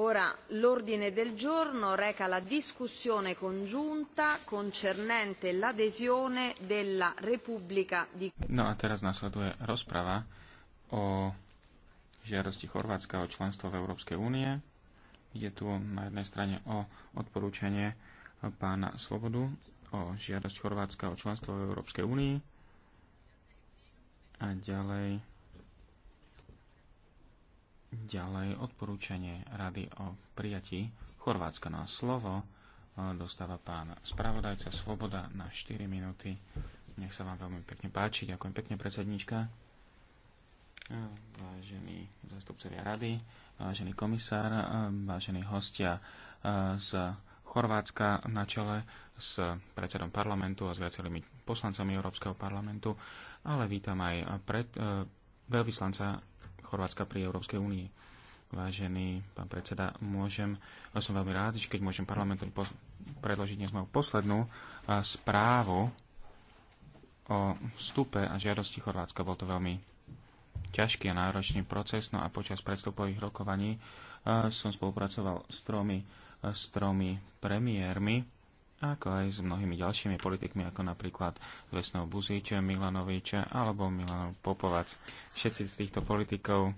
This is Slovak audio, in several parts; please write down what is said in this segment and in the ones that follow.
Ora l'ordine del giorno reca la discussione congiunta concernente l'adesione della Repubblica di No a teraz nasleduje rozprava o žiadosti Chorvátska o členstvo v Európskej únie. Je tu na jednej strane o odporúčanie pána Svobodu o žiadosť Chorvátska o členstvo v Európskej únii a ďalej Ďalej odporúčanie rady o prijatí Chorvátska na slovo dostáva pán spravodajca Svoboda na 4 minúty. Nech sa vám veľmi pekne páči. Ďakujem pekne, predsednička. Vážení zastupcovia rady, vážený komisár, vážení hostia z Chorvátska na čele s predsedom parlamentu a s viacerými poslancami Európskeho parlamentu, ale vítam aj pred, e, veľvyslanca Chorvátska pri Európskej únii. Vážený pán predseda, môžem, ja som veľmi rád, že keď môžem parlamentu predložiť dnes moju poslednú správu o vstupe a žiadosti Chorvátska. Bol to veľmi ťažký a náročný proces, no a počas predstupových rokovaní som spolupracoval s tromi, s tromi premiérmi ako aj s mnohými ďalšími politikmi, ako napríklad Vesnou Buzíče, Milanoviča alebo Milan Popovac. Všetci z týchto politikov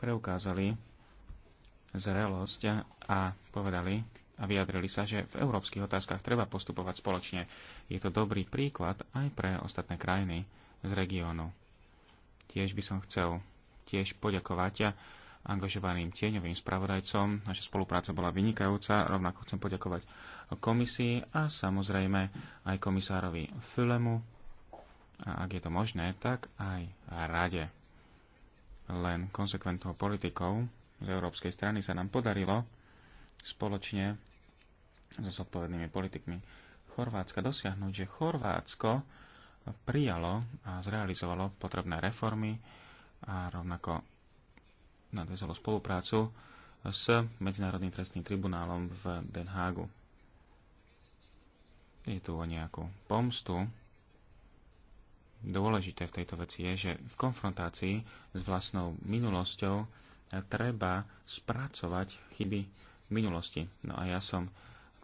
preukázali zrelosť a povedali a vyjadrili sa, že v európskych otázkach treba postupovať spoločne. Je to dobrý príklad aj pre ostatné krajiny z regiónu. Tiež by som chcel tiež poďakovať angažovaným tieňovým spravodajcom. Naša spolupráca bola vynikajúca. Rovnako chcem poďakovať komisii a samozrejme aj komisárovi Fülemu. A ak je to možné, tak aj rade. Len konsekventnou politikou z Európskej strany sa nám podarilo spoločne so zodpovednými politikmi Chorvátska dosiahnuť, že Chorvátsko prijalo a zrealizovalo potrebné reformy a rovnako nadviazalo spoluprácu s Medzinárodným trestným tribunálom v Den Hagu. Je tu o nejakú pomstu. Dôležité v tejto veci je, že v konfrontácii s vlastnou minulosťou treba spracovať chyby minulosti. No a ja som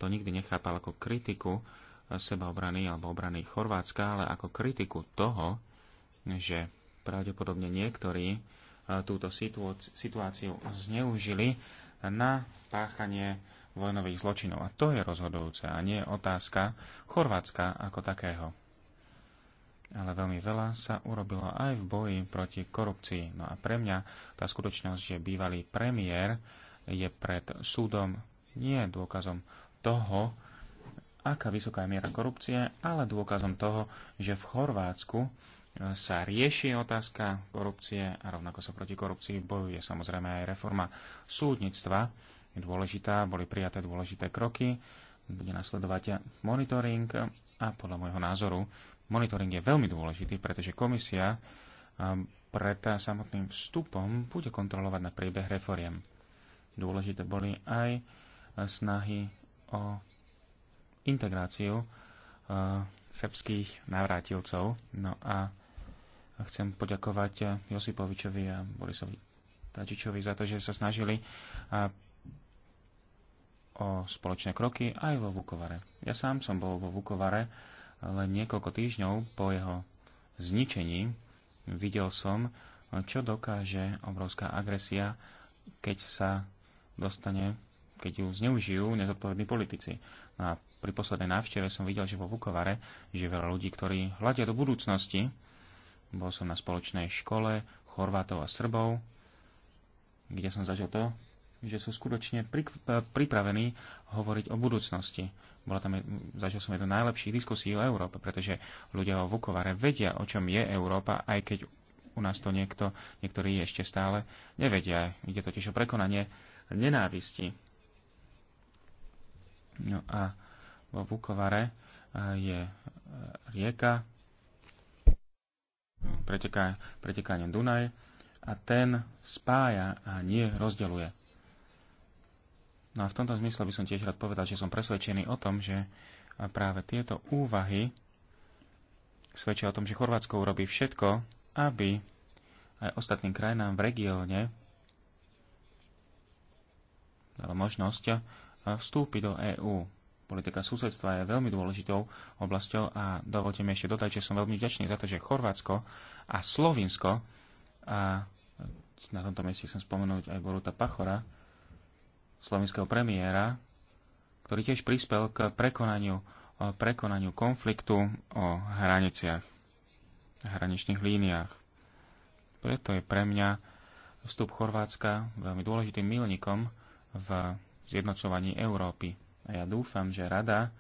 to nikdy nechápal ako kritiku sebaobrany alebo obrany Chorvátska, ale ako kritiku toho, že pravdepodobne niektorí túto situáciu zneužili na páchanie vojnových zločinov. A to je rozhodujúce a nie otázka Chorvátska ako takého. Ale veľmi veľa sa urobilo aj v boji proti korupcii. No a pre mňa tá skutočnosť, že bývalý premiér je pred súdom nie dôkazom toho, aká vysoká je miera korupcie, ale dôkazom toho, že v Chorvátsku sa rieši otázka korupcie a rovnako sa proti korupcii bojuje samozrejme aj reforma súdnictva. Je dôležitá, boli prijaté dôležité kroky, bude nasledovať monitoring a podľa môjho názoru monitoring je veľmi dôležitý, pretože komisia pred samotným vstupom bude kontrolovať na priebeh reforiem. Dôležité boli aj snahy o integráciu srbských navrátilcov. No a a chcem poďakovať eh, Josipovičovi a Borisovi Tačičovi za to, že sa snažili eh, o spoločné kroky aj vo Vukovare. Ja sám som bol vo Vukovare len niekoľko týždňov po jeho zničení. Videl som, eh, čo dokáže obrovská agresia, keď sa dostane, keď ju zneužijú nezodpovední politici. No a pri poslednej návšteve som videl, že vo Vukovare žije veľa ľudí, ktorí hľadia do budúcnosti, bol som na spoločnej škole Chorvátov a Srbov, kde som zažil to, že sú skutočne e, pripravení hovoriť o budúcnosti. Bola tam, zažil som jednu najlepších diskusí o Európe, pretože ľudia vo Vukovare vedia, o čom je Európa, aj keď u nás to niekto, niektorí ešte stále nevedia. Ide totiž o prekonanie nenávisti. No a vo Vukovare e, je e, rieka, preteká, pretekanie Dunaj a ten spája a nie rozdeluje. No a v tomto zmysle by som tiež rád povedal, že som presvedčený o tom, že práve tieto úvahy svedčia o tom, že Chorvátsko urobí všetko, aby aj ostatným krajinám v regióne dalo možnosť vstúpiť do EÚ politika susedstva je veľmi dôležitou oblasťou a dovolte mi ešte dodať, že som veľmi vďačný za to, že Chorvátsko a Slovinsko a na tomto mieste som spomenúť aj Boruta Pachora, slovinského premiéra, ktorý tiež prispel k prekonaniu, prekonaniu konfliktu o hraniciach, hraničných líniách. Preto je pre mňa vstup Chorvátska veľmi dôležitým milníkom v zjednocovaní Európy. A ja dúfam, že rada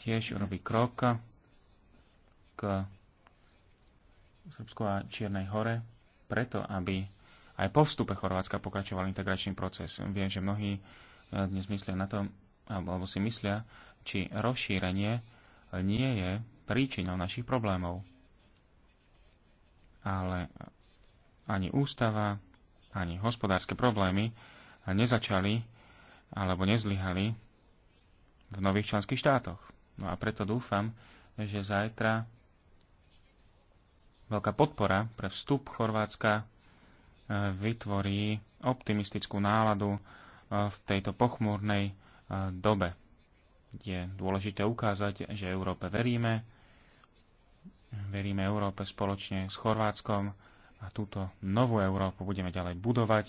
tiež urobí krok k Srbsku a Čiernej hore, preto aby aj po vstupe Chorvátska pokračoval integračný proces. Viem, že mnohí eh, dnes myslia na tom, alebo si myslia, či rozšírenie nie je príčinou našich problémov. Ale ani ústava, ani hospodárske problémy nezačali alebo nezlyhali v nových členských štátoch. No a preto dúfam, že zajtra veľká podpora pre vstup Chorvátska e, vytvorí optimistickú náladu e, v tejto pochmúrnej e, dobe. Je dôležité ukázať, že Európe veríme, veríme Európe spoločne s Chorvátskom, a túto novú Európu budeme ďalej budovať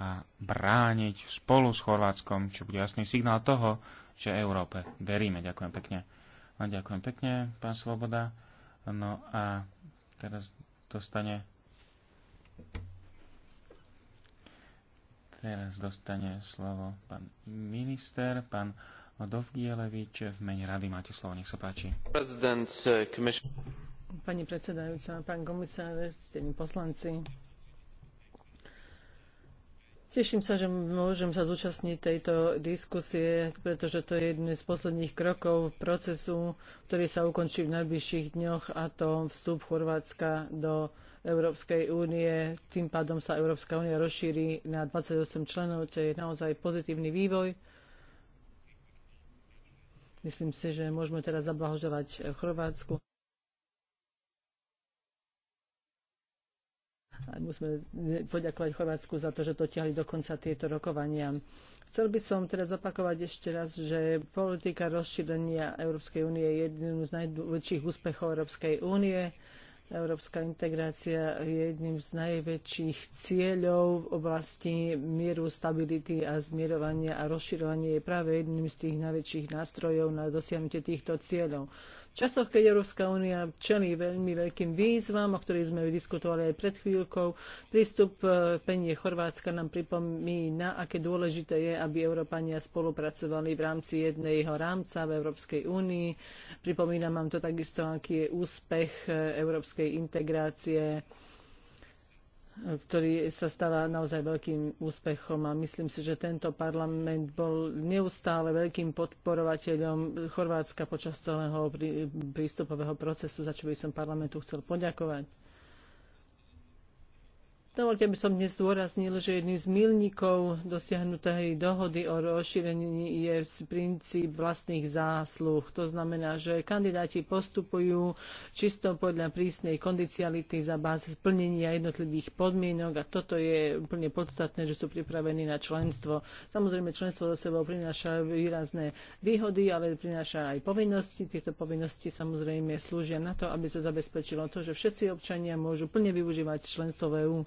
a brániť spolu s Chorvátskom, čo bude jasný signál toho, že Európe veríme. Ďakujem pekne. A ďakujem pekne, pán Svoboda. No a teraz dostane teraz dostane slovo pán minister, pán Dovgielevič v mene rady. Máte slovo, nech sa páči pani predsedajúca, pán komisár, ctení poslanci. Teším sa, že môžem sa zúčastniť tejto diskusie, pretože to je jeden z posledných krokov procesu, ktorý sa ukončí v najbližších dňoch, a to vstup Chorvátska do Európskej únie. Tým pádom sa Európska únia rozšíri na 28 členov, to je naozaj pozitívny vývoj. Myslím si, že môžeme teraz zablahoželať Chorvátsku. musíme poďakovať Chorvátsku za to, že dotiahli dokonca tieto rokovania. Chcel by som teraz opakovať ešte raz, že politika rozšírenia Európskej únie je jedným z najväčších úspechov Európskej únie. Európska integrácia je jedným z najväčších cieľov v oblasti mieru, stability a zmierovania a rozširovanie je práve jedným z tých najväčších nástrojov na dosiahnutie týchto cieľov časoch, keď Európska únia čelí veľmi veľkým výzvam, o ktorých sme diskutovali aj pred chvíľkou, prístup e, penie Chorvátska nám pripomína, aké dôležité je, aby Európania spolupracovali v rámci jedného rámca v Európskej únii. pripomína nám to takisto, aký je úspech e, európskej integrácie ktorý sa stáva naozaj veľkým úspechom a myslím si, že tento parlament bol neustále veľkým podporovateľom Chorvátska počas celého prístupového procesu, za čo by som parlamentu chcel poďakovať. Dovolte by som dnes zdôraznil, že jedným z milníkov dosiahnutej dohody o rozšírení je princíp vlastných zásluh. To znamená, že kandidáti postupujú čisto podľa prísnej kondiciality za báze splnenia jednotlivých podmienok a toto je úplne podstatné, že sú pripravení na členstvo. Samozrejme, členstvo za sebou prináša výrazné výhody, ale prináša aj povinnosti. Tieto povinnosti samozrejme slúžia na to, aby sa zabezpečilo to, že všetci občania môžu plne využívať členstvo v EÚ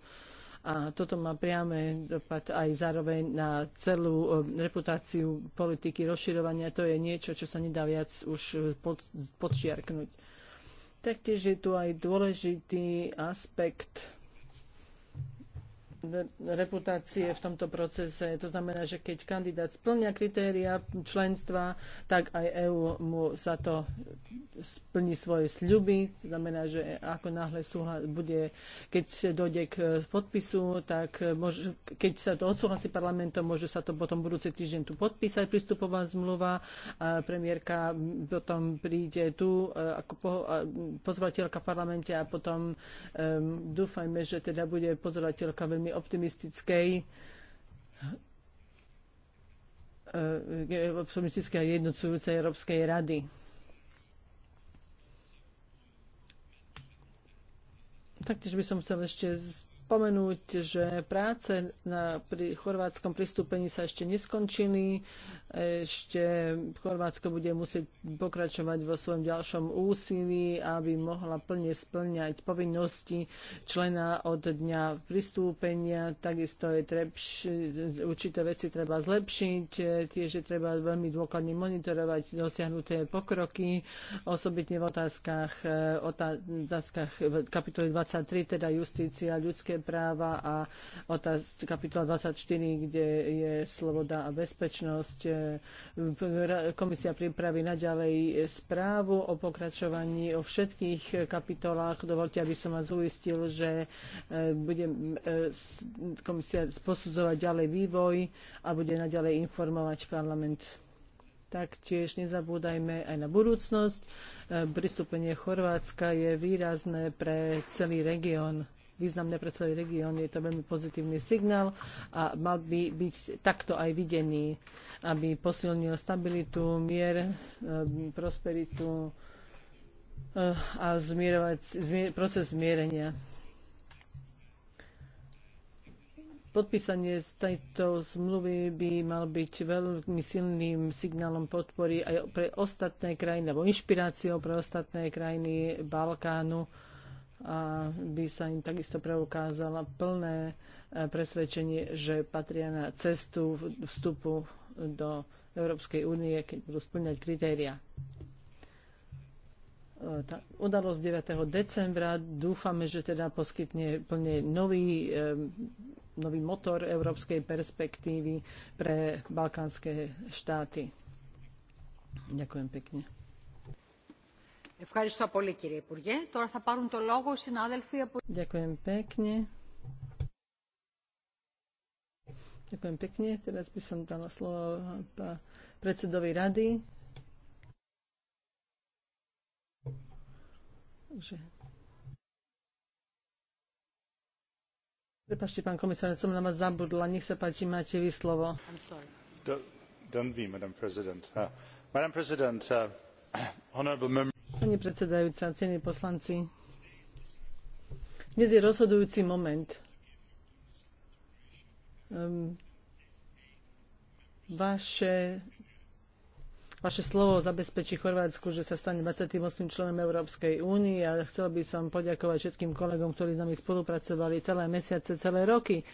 a toto má priame dopad aj zároveň na celú um, reputáciu politiky rozširovania. To je niečo, čo sa nedá viac už uh, pod, podčiarknúť. Taktiež je tu aj dôležitý aspekt reputácie v tomto procese. To znamená, že keď kandidát splňa kritéria členstva, tak aj EÚ mu sa to splní svoje sľuby. To znamená, že ako náhle súhlas bude, keď sa dojde k podpisu, tak môže, keď sa to odsúhlasí parlamentom, môže sa to potom budúci týždeň tu podpísať, pristupová zmluva. A premiérka potom príde tu e, ako po, pozvateľka v parlamente a potom um, dúfajme, že teda bude pozvateľka veľmi optimistickej eh, optimistickej a jednocujúcej Európskej rady. Taktiež by som chcel ešte spomenúť, že práce na, pri chorvátskom pristúpení sa ešte neskončili. Ešte Chorvátsko bude musieť pokračovať vo svojom ďalšom úsilí, aby mohla plne splňať povinnosti člena od dňa pristúpenia. Takisto je trebš, určité veci treba zlepšiť, tiež je treba veľmi dôkladne monitorovať dosiahnuté pokroky, osobitne v otázkach, otázkach kapitoly 23, teda justícia, ľudské ľudské práva a otázka kapitola 24, kde je sloboda a bezpečnosť. E, komisia pripraví naďalej správu o pokračovaní o všetkých kapitolách. Dovolte, aby som vás uistil, že e, bude e, komisia posudzovať ďalej vývoj a bude naďalej informovať parlament taktiež nezabúdajme aj na budúcnosť. Pristúpenie Chorvátska je výrazné pre celý región významné pre celý región. Je to veľmi pozitívny signál a mal by byť takto aj videný, aby posilnil stabilitu, mier, eh, prosperitu eh, a zmierovať, zmier, proces zmierenia. Podpísanie z tejto zmluvy by mal byť veľmi silným signálom podpory aj pre ostatné krajiny, alebo inšpiráciou pre ostatné krajiny Balkánu a by sa im takisto preukázala plné e, presvedčenie, že patria na cestu vstupu do Európskej únie, keď budú splňať kritéria. E, tá udalosť 9. decembra dúfame, že teda poskytne plne nový, e, nový motor európskej perspektívy pre balkánske štáty. Ďakujem pekne. Ďakujem pekne. Ďakujem pekne. Teraz by som dala slovo predsedovi rady. Že... Prepašte, pán komisár, som na vás zabudla. Nech sa páči, máte vy slovo. Don't be, Madam President. Uh, Madam President, uh, honorable members, Pani predsedajúca, cení poslanci, dnes je rozhodujúci moment. Ehm, vaše, vaše slovo zabezpečí Chorvátsku, že sa stane 28. členom Európskej únie a chcel by som poďakovať všetkým kolegom, ktorí s nami spolupracovali celé mesiace, celé roky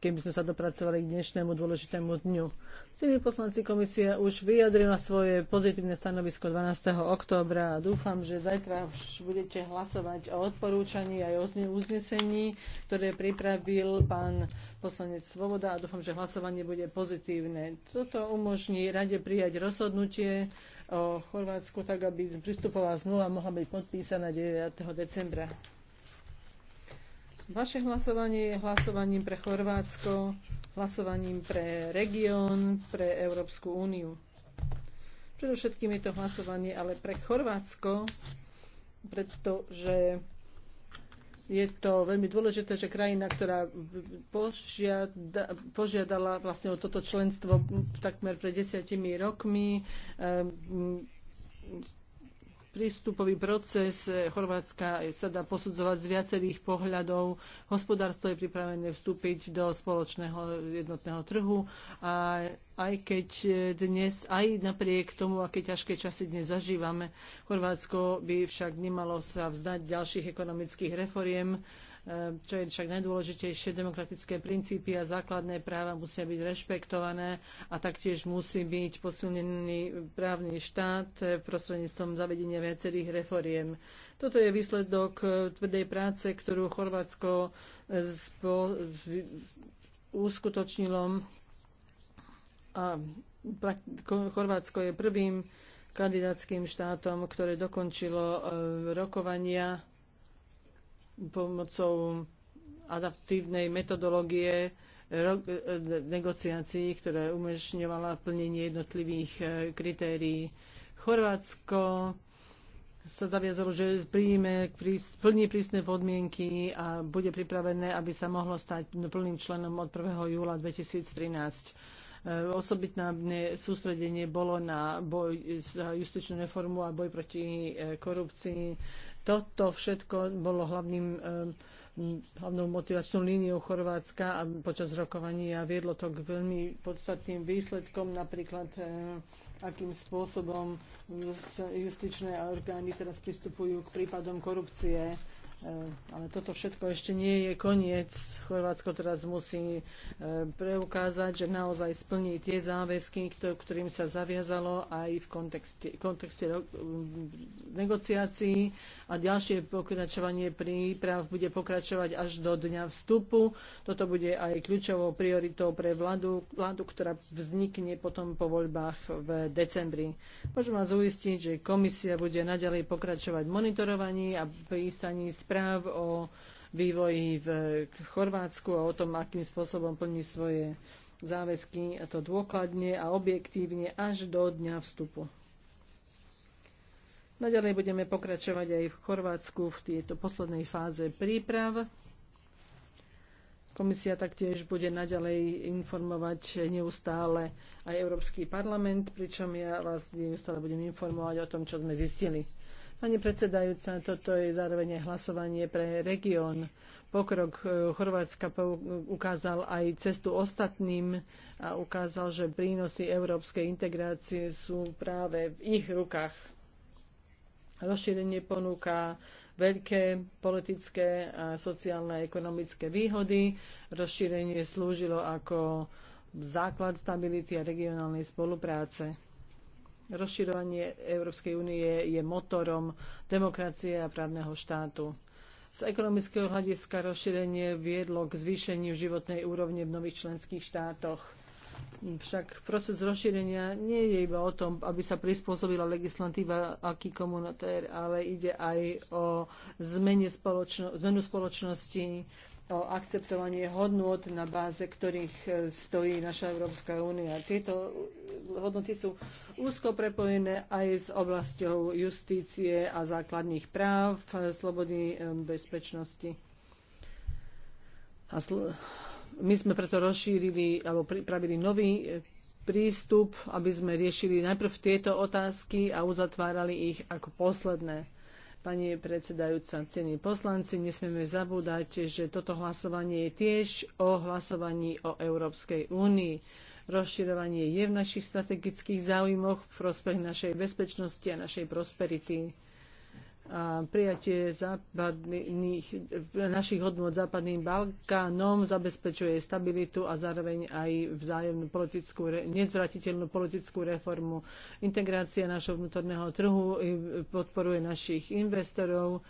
keby sme sa dopracovali k dnešnému dôležitému dňu. Cení poslanci komisie už vyjadrila svoje pozitívne stanovisko 12. októbra a dúfam, že zajtra už budete hlasovať o odporúčaní aj o uznesení, ktoré pripravil pán poslanec Svoboda a dúfam, že hlasovanie bude pozitívne. Toto umožní rade prijať rozhodnutie o Chorvátsku tak, aby pristupová zmluva mohla byť podpísaná 9. decembra. Vaše hlasovanie je hlasovaním pre Chorvátsko, hlasovaním pre región, pre Európsku úniu. Predovšetkým je to hlasovanie ale pre Chorvátsko, pretože je to veľmi dôležité, že krajina, ktorá požiada, požiadala vlastne o toto členstvo takmer pred desiatimi rokmi, um, prístupový proces eh, Chorvátska sa dá posudzovať z viacerých pohľadov. Hospodárstvo je pripravené vstúpiť do spoločného jednotného trhu a aj keď eh, dnes, aj napriek tomu, aké ťažké časy dnes zažívame, Chorvátsko by však nemalo sa vzdať ďalších ekonomických reforiem Ehm, čo je však najdôležitejšie, demokratické princípy a základné práva musia byť rešpektované a taktiež musí byť posilnený právny štát eh, prostredníctvom zavedenia viacerých reforiem. Toto je výsledok eh, tvrdej práce, ktorú Chorvátsko eh, uskutočnilo a Chorvátsko je prvým kandidátským štátom, ktoré dokončilo rokovania pomocou adaptívnej metodológie negociácií, ktoré umožňovala plnenie jednotlivých e, kritérií. Chorvátsko sa zaviazalo, že príjme, splní prísne podmienky a bude pripravené, aby sa mohlo stať plným členom od 1. júla 2013 e, osobitné sústredenie bolo na boj za justičnú reformu a boj proti e, korupcii, toto všetko bolo hlavným hlavnou motivačnou líniou Chorvátska a počas rokovania viedlo to k veľmi podstatným výsledkom, napríklad akým spôsobom justičné orgány teraz pristupujú k prípadom korupcie. Ale toto všetko ešte nie je koniec. Chorvátsko teraz musí preukázať, že naozaj splní tie záväzky, ktorým sa zaviazalo aj v kontexte, kontexte negociácií a ďalšie pokračovanie príprav bude pokračovať až do dňa vstupu. Toto bude aj kľúčovou prioritou pre vládu, vládu ktorá vznikne potom po voľbách v decembri. Môžem vás uistiť, že komisia bude naďalej pokračovať monitorovaní a prístaní správ o vývoji v Chorvátsku a o tom, akým spôsobom plní svoje záväzky, a to dôkladne a objektívne až do dňa vstupu. Naďalej budeme pokračovať aj v Chorvátsku v tejto poslednej fáze príprav. Komisia taktiež bude naďalej informovať neustále aj Európsky parlament, pričom ja vás neustále budem informovať o tom, čo sme zistili. Pani predsedajúca, toto je zároveň hlasovanie pre región. Pokrok e, Chorvátska ukázal aj cestu ostatným a ukázal, že prínosy európskej integrácie sú práve v ich rukách. Rozšírenie ponúka veľké politické, a sociálne a ekonomické výhody. Rozšírenie slúžilo ako základ stability a regionálnej spolupráce. Rozširovanie Európskej únie je motorom demokracie a právneho štátu. Z ekonomického hľadiska rozšírenie viedlo k zvýšeniu životnej úrovne v nových členských štátoch však proces rozšírenia nie je iba o tom, aby sa prispôsobila legislatíva aký komunitér, ale ide aj o zmene spoločno- zmenu spoločnosti, o akceptovanie hodnôt, na báze ktorých e, stojí naša Európska únia. Tieto hodnoty sú úzko prepojené aj s oblasťou justície a základných práv, e, slobody, e, bezpečnosti a my sme preto rozšírili alebo pripravili nový e, prístup, aby sme riešili najprv tieto otázky a uzatvárali ich ako posledné. Pani predsedajúca, cení poslanci, nesmieme zabúdať, že toto hlasovanie je tiež o hlasovaní o Európskej únii. Rozširovanie je v našich strategických záujmoch v prospech našej bezpečnosti a našej prosperity a prijatie západných, našich hodnot západným Balkánom zabezpečuje stabilitu a zároveň aj vzájomnú politickú, nezvratiteľnú politickú reformu. Integrácia našho vnútorného trhu podporuje našich investorov,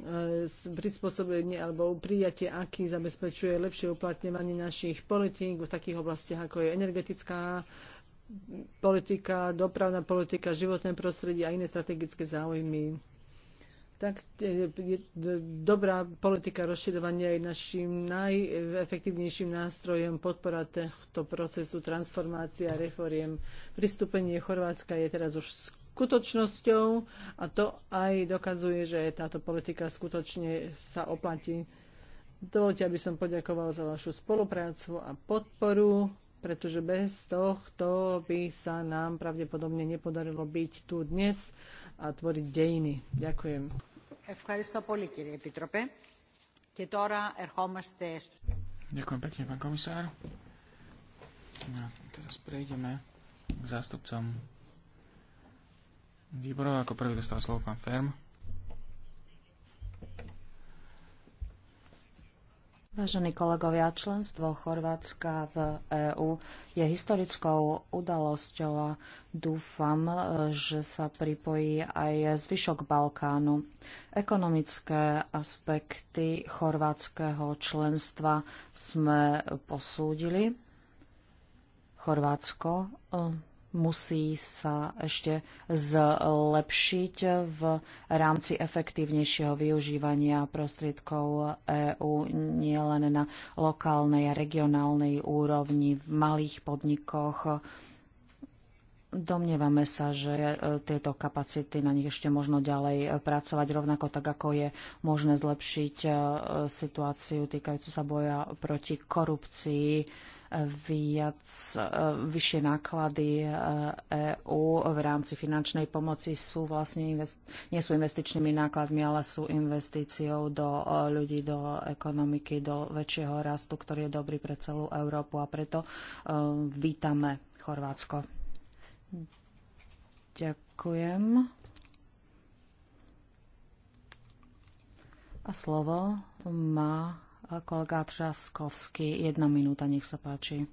e, prispôsobenie alebo prijatie aký zabezpečuje lepšie uplatňovanie našich politík v takých oblastiach, ako je energetická politika, dopravná politika, životné prostredie a iné strategické záujmy tak e, dobrá politika rozširovania je našim najefektívnejším nástrojom podpora tohto procesu transformácie a reforiem. Pristúpenie Chorvátska je teraz už skutočnosťou a to aj dokazuje, že táto politika skutočne sa oplatí. Dovolte, aby som poďakoval za vašu spoluprácu a podporu, pretože bez tohto by sa nám pravdepodobne nepodarilo byť tu dnes a tvoriť dejiny. Ďakujem. Ευχαριστώ πολύ, κύριε Επίτροπε. pán komisár. No, teraz prejdeme k zástupcom výborov. Ako prvý dostal slovo pán Ferm. Vážení kolegovia, členstvo Chorvátska v EÚ je historickou udalosťou a dúfam, že sa pripojí aj zvyšok Balkánu. Ekonomické aspekty chorvátskeho členstva sme posúdili. Chorvátsko eh, musí sa ešte zlepšiť v rámci efektívnejšieho využívania prostriedkov EÚ nielen na lokálnej a regionálnej úrovni v malých podnikoch. Domnievame sa, že e, tieto kapacity, na nich ešte možno ďalej e, pracovať, rovnako tak, ako je možné zlepšiť e, situáciu týkajúcu sa boja proti korupcii viac, eh, vyššie náklady EÚ eh, e v rámci finančnej pomoci sú vlastne nie sú investičnými nákladmi, ale sú investíciou do eh, ľudí, do ekonomiky, do väčšieho rastu, ktorý je dobrý pre celú Európu a preto vítame Chorvátsko. Ďakujem. A slovo má Kolega Traskovský, jedna minúta, nech sa páči.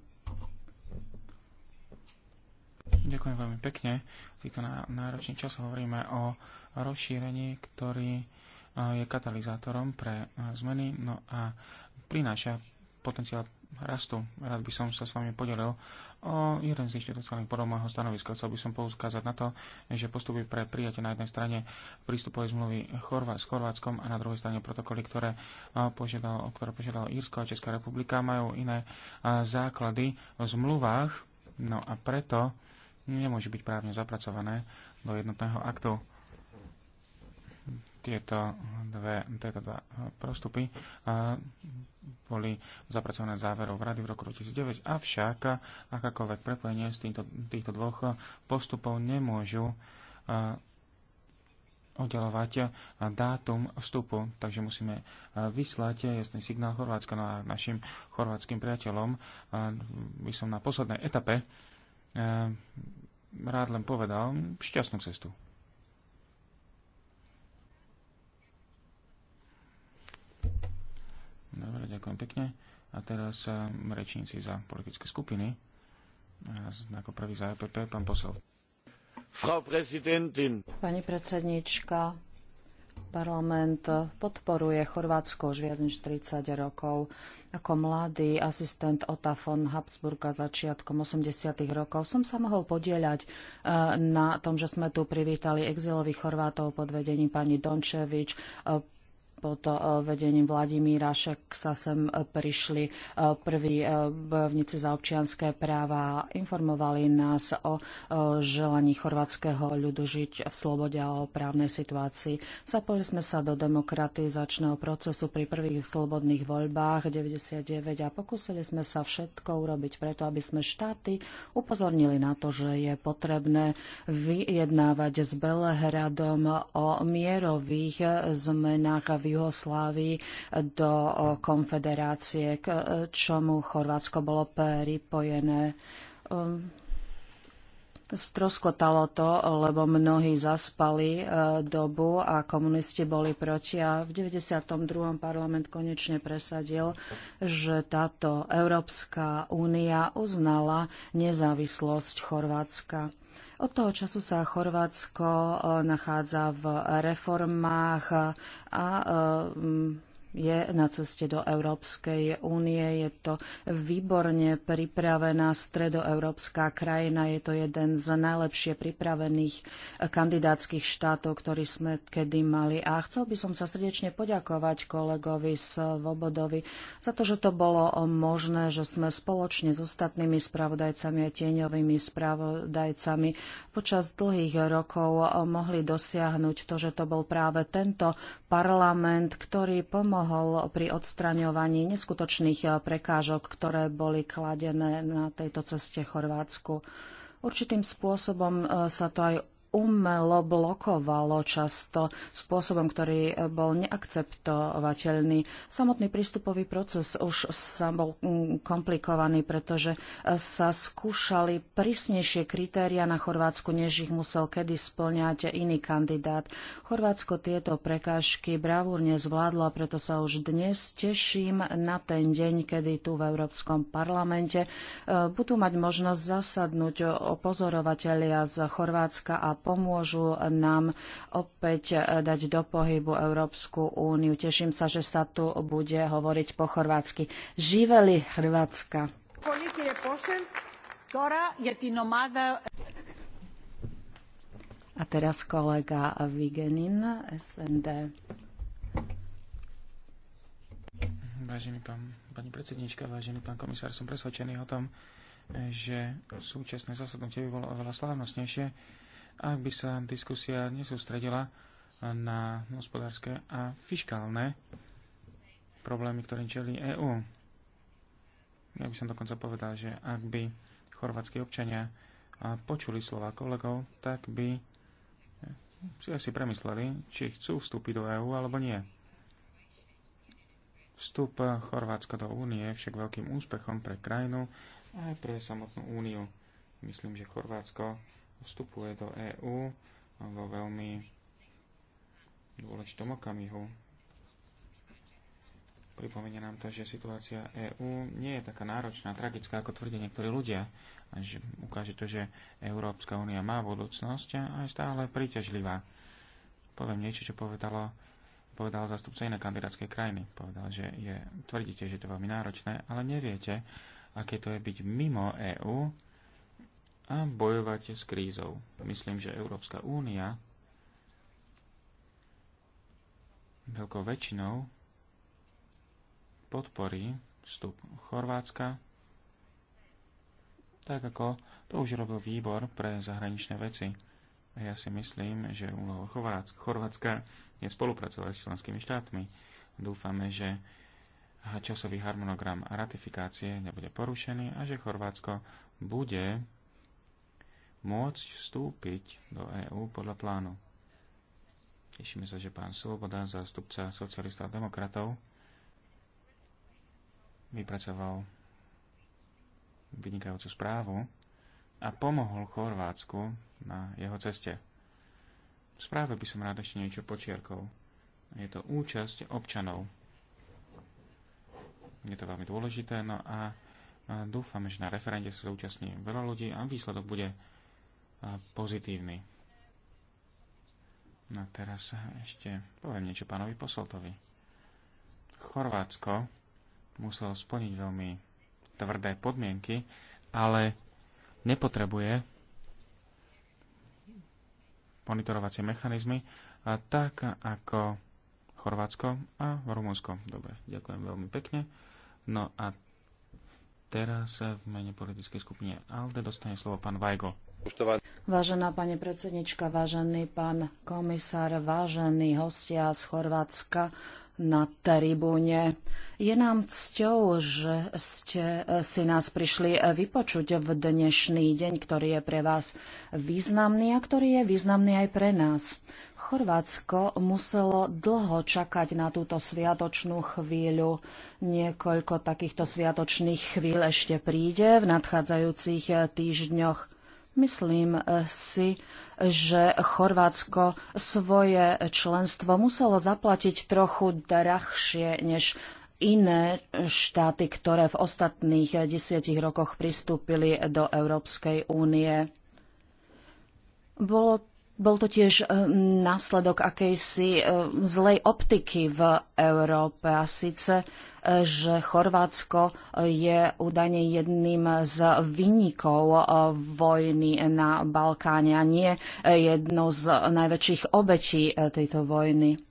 Ďakujem veľmi pekne. V týchto náročných čas hovoríme o rozšírení, ktorý je katalizátorom pre zmeny no a prináša potenciál rastu. Rád by som sa s vami podelil o jeden z inštitucionálnych podob môjho stanoviska. Chcel by som poukázať na to, že postupy pre prijatie na jednej strane prístupovej zmluvy Chorvá- s Chorvátskom a na druhej strane protokoly, ktoré požiadalo, ktoré požiadalo Írsko a Česká republika, majú iné základy v zmluvách, no a preto nemôže byť právne zapracované do jednotného aktu tieto dve, tieto dva eh, prostupy eh, boli zapracované záverov v rady v roku 2009, avšak eh, akákoľvek prepojenie z týchto, týchto dvoch postupov nemôžu oddelovať dátum vstupu, takže musíme vyslať jasný signál Chorvátska no a našim chorvátskym priateľom. By som na poslednej etape rád len povedal šťastnú cestu. Dobre, ďakujem pekne. A teraz eh, rečníci za politické skupiny. Ako prvý za EPP, pán posel. Pani predsednička, parlament podporuje Chorvátsko už viac než 30 rokov. Ako mladý asistent Ota von Habsburga začiatkom 80. rokov som sa mohol podieľať eh, na tom, že sme tu privítali exilových Chorvátov pod vedením pani Dončevič, eh, pod eh, vedením Vladimíra Šek sa sem eh, prišli eh, prví bojovníci za občianské práva a informovali nás o želaní chorvátskeho ľudu žiť v slobode a o právnej situácii. Zapojili sme sa do demokratizačného procesu pri prvých slobodných voľbách 99 a pokúsili sme sa všetko urobiť preto, aby sme štáty upozornili na to, že je potrebné vyjednávať s Belehradom o mierových zmenách a v Juhoslávii do konfederácie, k e, čomu Chorvátsko bolo pripojené. Ehm, stroskotalo to, lebo mnohí zaspali e, dobu a komunisti boli proti a v 92. parlament konečne presadil, že táto Európska únia uznala nezávislosť Chorvátska. Od toho času sa Chorvátsko eh, nachádza v reformách a eh, je na ceste do Európskej únie. Je to výborne pripravená stredoeurópska krajina. Je to jeden z najlepšie pripravených eh, kandidátskych štátov, ktorý sme kedy mali. A chcel by som sa srdečne poďakovať kolegovi Svobodovi za to, že to bolo eh, možné, že sme spoločne s ostatnými spravodajcami a tieňovými spravodajcami počas dlhých rokov eh, mohli dosiahnuť to, že to bol práve tento parlament, ktorý pomohol pomohol pri odstraňovaní neskutočných eh, prekážok, ktoré boli kladené na tejto ceste Chorvátsku. Určitým spôsobom eh, sa to aj umelo blokovalo často spôsobom, ktorý bol neakceptovateľný. Samotný prístupový proces už sa bol mm, komplikovaný, pretože e, sa skúšali prísnejšie kritéria na Chorvátsku, než ich musel kedy splňať iný kandidát. Chorvátsko tieto prekážky bravúrne zvládlo, a preto sa už dnes teším na ten deň, kedy tu v Európskom parlamente e, budú mať možnosť zasadnúť opozorovateľia z Chorvátska a pomôžu nám opäť eh, dať do pohybu Európsku úniu. Teším sa, že sa tu bude hovoriť po chorvátsky. Živeli Hrvatska! A teraz kolega Vigenin, SND. Vážený pán, pani predsednička, vážený pán komisár, som presvedčený o tom, eh, že súčasné zasadnutie by bolo oveľa slávnostnejšie, ak by sa diskusia nesústredila na hospodárske a fiskálne problémy, ktorým čelí EÚ. Ja by som dokonca povedal, že ak by chorvátsky občania počuli slova kolegov, tak by si asi premysleli, či chcú vstúpiť do EÚ alebo nie. Vstup Chorvátska do únie je však veľkým úspechom pre krajinu aj pre samotnú úniu. Myslím, že Chorvátsko vstupuje do EÚ vo veľmi dôležitom okamihu. Pripomína nám to, že situácia EÚ nie je taká náročná, tragická, ako tvrdia niektorí ľudia. Až ukáže to, že Európska únia má budúcnosť a je stále príťažlivá. Poviem niečo, čo povedalo, povedal zastupca inej kandidátskej krajiny. Povedal, že je, tvrdíte, že je to veľmi náročné, ale neviete, aké to je byť mimo EÚ a bojovať s krízou. Myslím, že Európska únia veľkou väčšinou podporí vstup Chorvátska, tak ako to už robil výbor pre zahraničné veci. A ja si myslím, že úlohou Chorvátska je spolupracovať s členskými štátmi. Dúfame, že časový harmonogram ratifikácie nebude porušený a že Chorvátsko bude môcť vstúpiť do EÚ podľa plánu. Tešíme sa, že pán Svoboda, zástupca socialistov a demokratov, vypracoval vynikajúcu správu a pomohol Chorvátsku na jeho ceste. V správe by som rád ešte niečo počiarkol. Je to účasť občanov. Je to veľmi dôležité, no a dúfam, že na referende sa zúčastní veľa ľudí a výsledok bude pozitívny. No teraz ešte poviem niečo pánovi Posoltovi. Chorvátsko muselo splniť veľmi tvrdé podmienky, ale nepotrebuje monitorovacie mechanizmy a tak ako Chorvátsko a Rumunsko. Dobre, ďakujem veľmi pekne. No a teraz v mene politickej skupine ALDE dostane slovo pán Weigl. Vážená pani predsednička, vážený pán komisár, vážení hostia z Chorvátska na tribúne. Je nám cťou, že ste eh, si nás prišli eh, vypočuť v dnešný deň, ktorý je pre vás významný a ktorý je významný aj pre nás. Chorvátsko muselo dlho čakať na túto sviatočnú chvíľu. Niekoľko takýchto sviatočných chvíľ ešte príde v nadchádzajúcich eh, týždňoch. Myslím eh, si, že Chorvátsko svoje členstvo muselo zaplatiť trochu drahšie než iné štáty, ktoré v ostatných eh, desiatich rokoch pristúpili do Európskej únie. Bolo bol to tiež e, následok akejsi e, zlej optiky v Európe a síce, e, že Chorvátsko je údajne jedným z vynikov vojny na Balkáne a nie jednou z najväčších obetí tejto vojny.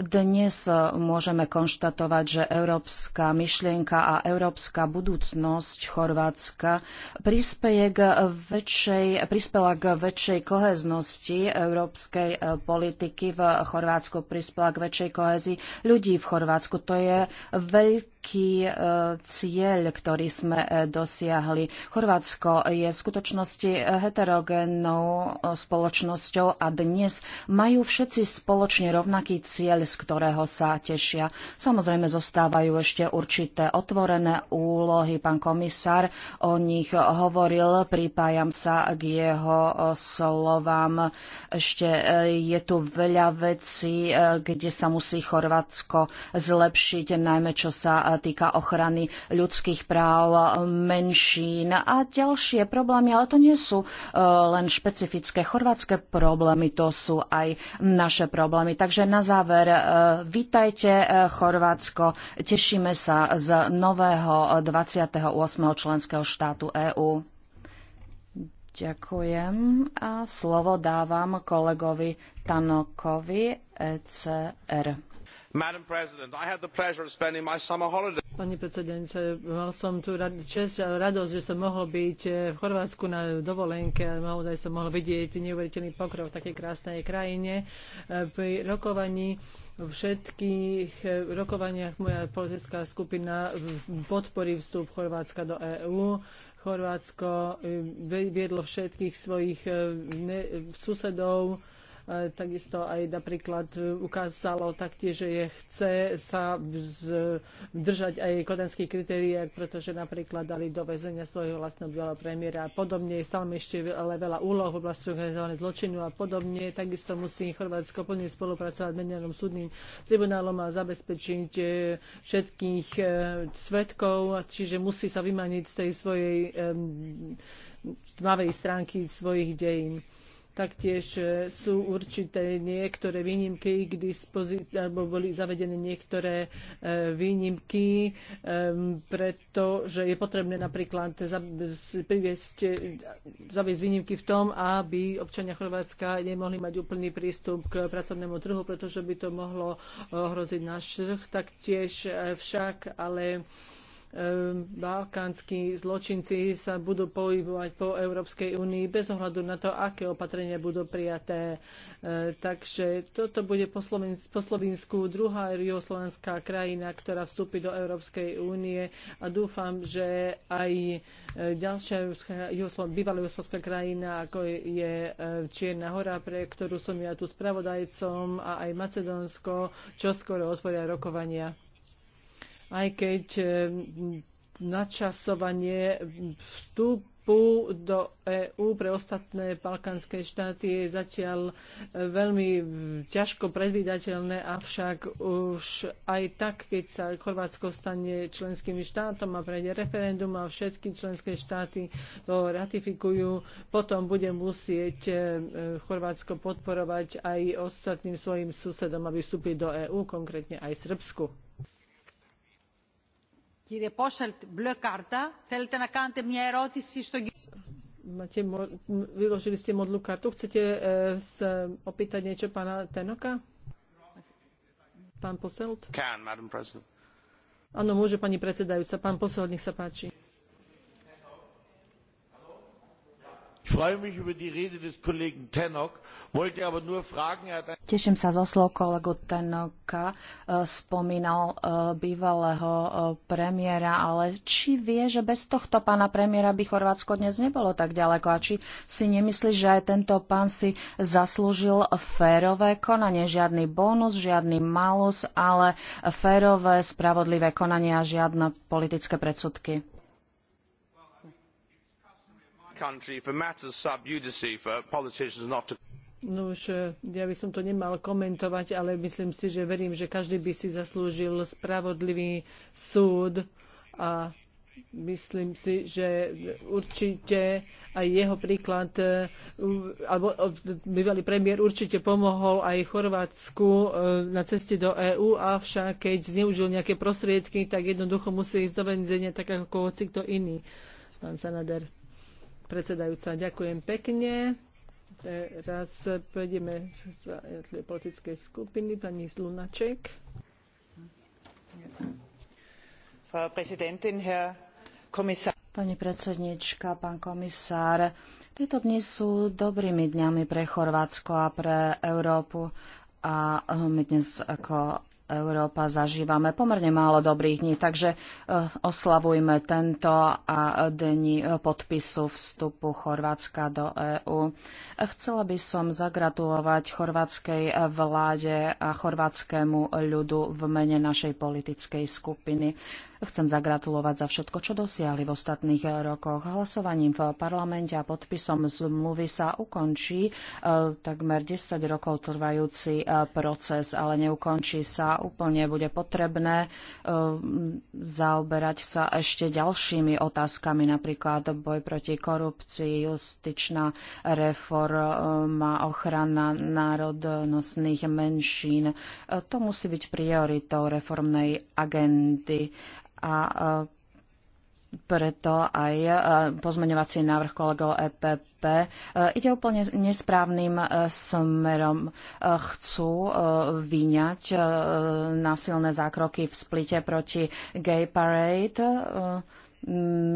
Dnes e, môžeme konštatovať, že európska myšlienka a európska budúcnosť Chorvátska prispela k väčšej, prispela k väčšej koheznosti európskej e, politiky v Chorvátsku, prispela k väčšej kohezii ľudí v Chorvátsku. To je veľký aký e, cieľ, ktorý sme e, dosiahli. Chorvátsko je v skutočnosti e, heterogénnou spoločnosťou a dnes majú všetci spoločne rovnaký cieľ, z ktorého sa tešia. Samozrejme zostávajú ešte určité otvorené úlohy. Pán komisár o nich hovoril, pripájam sa k jeho slovám. Ešte je tu veľa vecí, kde sa musí Chorvátsko zlepšiť, najmä čo sa týka ochrany ľudských práv, menšín a ďalšie problémy, ale to nie sú e, len špecifické chorvátske problémy, to sú aj naše problémy. Takže na záver, e, vítajte e, Chorvátsko, tešíme sa z nového 28. členského štátu EÚ. Ďakujem a slovo dávam kolegovi Tanokovi ECR madam president i had the pleasure of spending my summer holiday Pani predsedajúca, mal som tu čest a radosť, že som mohol byť eh, v Chorvátsku na dovolenke a naozaj som mohol vidieť neuveriteľný pokrok v takej krásnej krajine. Eh, pri rokovaní všetkých eh, rokovaniach moja politická skupina podporí vstup Chorvátska do EÚ. Chorvátsko viedlo všetkých svojich susedov E, takisto aj napríklad ukázalo taktiež, že je chce sa držať aj kodenský kritérií, pretože napríklad dali do väzenia svojho vlastného bývalého premiéra a podobne. Je stále ešte ale veľa úloh v oblasti organizovaného zločinu a podobne. Takisto musí Chorvátsko plne spolupracovať s Medzinárodným súdnym tribunálom a zabezpečiť e, všetkých e, svetkov, čiže musí sa vymaniť z tej svojej tmavej stránky svojich dejín. Taktiež e, sú určité niektoré výnimky, k alebo boli zavedené niektoré e, výnimky, pretože je potrebné napríklad zaviesť, e, zaviesť výnimky v tom, aby občania Chorvátska nemohli mať úplný prístup k pracovnému trhu, pretože by to mohlo ohroziť náš trh. Taktiež však ale Ehm, balkánsky zločinci sa budú pohybovať po Európskej únii bez ohľadu na to, aké opatrenia budú prijaté. Ehm, takže toto bude po Slovensku druhá juhoslovenská krajina, ktorá vstúpi do Európskej únie a dúfam, že aj e, ďalšia bývalá juhoslovanská krajina, ako je e, Čierna hora, pre ktorú som ja tu spravodajcom a aj Macedónsko, čo skoro otvoria rokovania aj keď e, načasovanie vstup vstupu do EÚ pre ostatné balkánske štáty je zatiaľ e, veľmi ťažko predvídateľné, avšak už aj tak, keď sa Chorvátsko stane členským štátom a prejde referendum a všetky členské štáty to ratifikujú, potom bude musieť e, Chorvátsko podporovať aj ostatným svojim susedom, aby vstúpili do EÚ, konkrétne aj Srbsku vyložili ste modlú kartu. Chcete e, opýtať niečo pána Tenoka? Pán Poselt? Áno, môže pani predsedajúca. Pán Poselt, nech sa páči. freue mich über die Rede des Kollegen Tenok, wollte aber nur fragen, er hat Teším sa zo slov kolegu Tenoka, e, spomínal e, bývalého e, premiéra, ale či vie, že bez tohto pána premiéra by Chorvátsko dnes nebolo tak ďaleko a či si nemyslíš, že aj tento pán si zaslúžil férové konanie, žiadny bonus, žiadny malus, ale férové, spravodlivé konanie a žiadne politické predsudky country for matters sub judice for politicians not to No už ja by som to nemal komentovať, ale myslím si, že verím, že každý by si zaslúžil spravodlivý súd a myslím si, že určite aj jeho príklad, e, alebo e, bývalý premiér určite pomohol aj Chorvátsku e, na ceste do EÚ, avšak keď zneužil nejaké prostriedky, tak jednoducho musí ísť do venzenia, tak ako hoci kto iný. Pán Sanader predsedajúca. Ďakujem pekne. Teraz prejdeme z politickej skupiny. Pani Zlunaček. Pani predsednička, pán komisár, tieto dni sú dobrými dňami pre Chorvátsko a pre Európu. A my dnes ako Európa zažívame pomerne málo dobrých dní, takže e, oslavujme tento a dni e, podpisu vstupu Chorvátska do EÚ. Chcela by som zagratulovať chorvátskej e, vláde a chorvátskému ľudu v mene našej politickej skupiny. Chcem zagratulovať za všetko, čo dosiahli v ostatných rokoch. Hlasovaním v parlamente a podpisom zmluvy sa ukončí e, takmer 10 rokov trvajúci e, proces, ale neukončí sa úplne. Bude potrebné e, zaoberať sa ešte ďalšími otázkami, napríklad boj proti korupcii, justičná reforma, ochrana národnostných menšín. To musí byť prioritou reformnej agendy a e, preto aj e, pozmeňovací návrh kolegov EPP e, ide úplne nesprávnym smerom. Chcú vyňať násilné zákroky v splite proti gay parade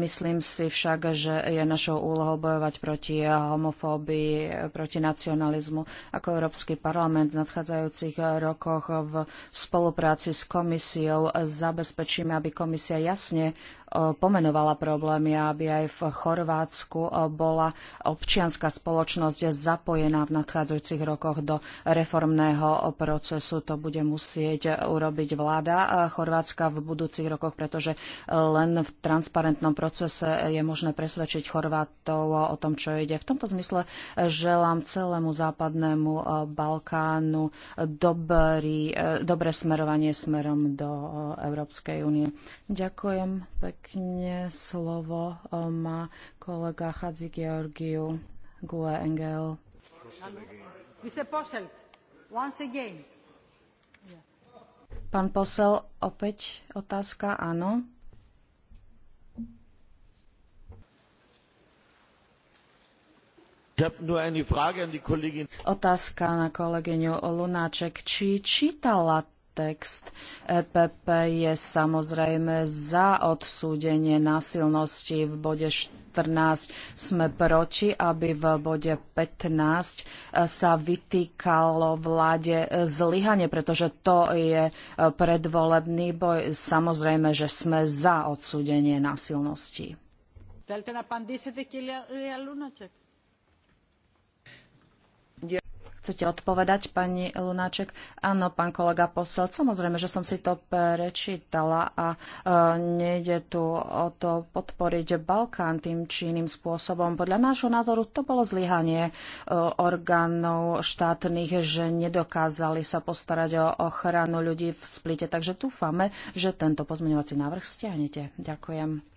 Myslím si však, že je našou úlohou bojovať proti homofóbii, proti nacionalizmu. Ako Európsky parlament v nadchádzajúcich rokoch v spolupráci s komisiou zabezpečíme, aby komisia jasne E, pomenovala problémy, aby aj v Chorvátsku e, bola občianská spoločnosť zapojená v nadchádzajúcich rokoch do reformného procesu. To bude musieť urobiť vláda e, Chorvátska v budúcich rokoch, pretože len v transparentnom procese je možné presvedčiť Chorvátov o tom, čo ide. V tomto zmysle želám celému západnému Balkánu dobrý, dobré smerovanie smerom do Európskej únie. Ďakujem pekne pekne. Slovo e, má kolega Chadzi Georgiu Gue Engel. Pán posel, opäť otázka, áno. Otázka na kolegyňu Lunáček. Či čítala text. EPP je samozrejme za odsúdenie násilnosti v bode 14. Sme proti, aby v bode 15 e, sa vytýkalo vláde e, zlyhanie, pretože to je e, predvolebný boj. Samozrejme, že sme za odsúdenie násilnosti. Chcete odpovedať, pani Lunáček? Áno, pán kolega posel, samozrejme, že som si to prečítala a e, nejde tu o to podporiť Balkán tým či iným spôsobom. Podľa nášho názoru to bolo zlyhanie e, orgánov štátnych, že nedokázali sa postarať o ochranu ľudí v splite. Takže dúfame, že tento pozmeňovací návrh stiahnete. Ďakujem.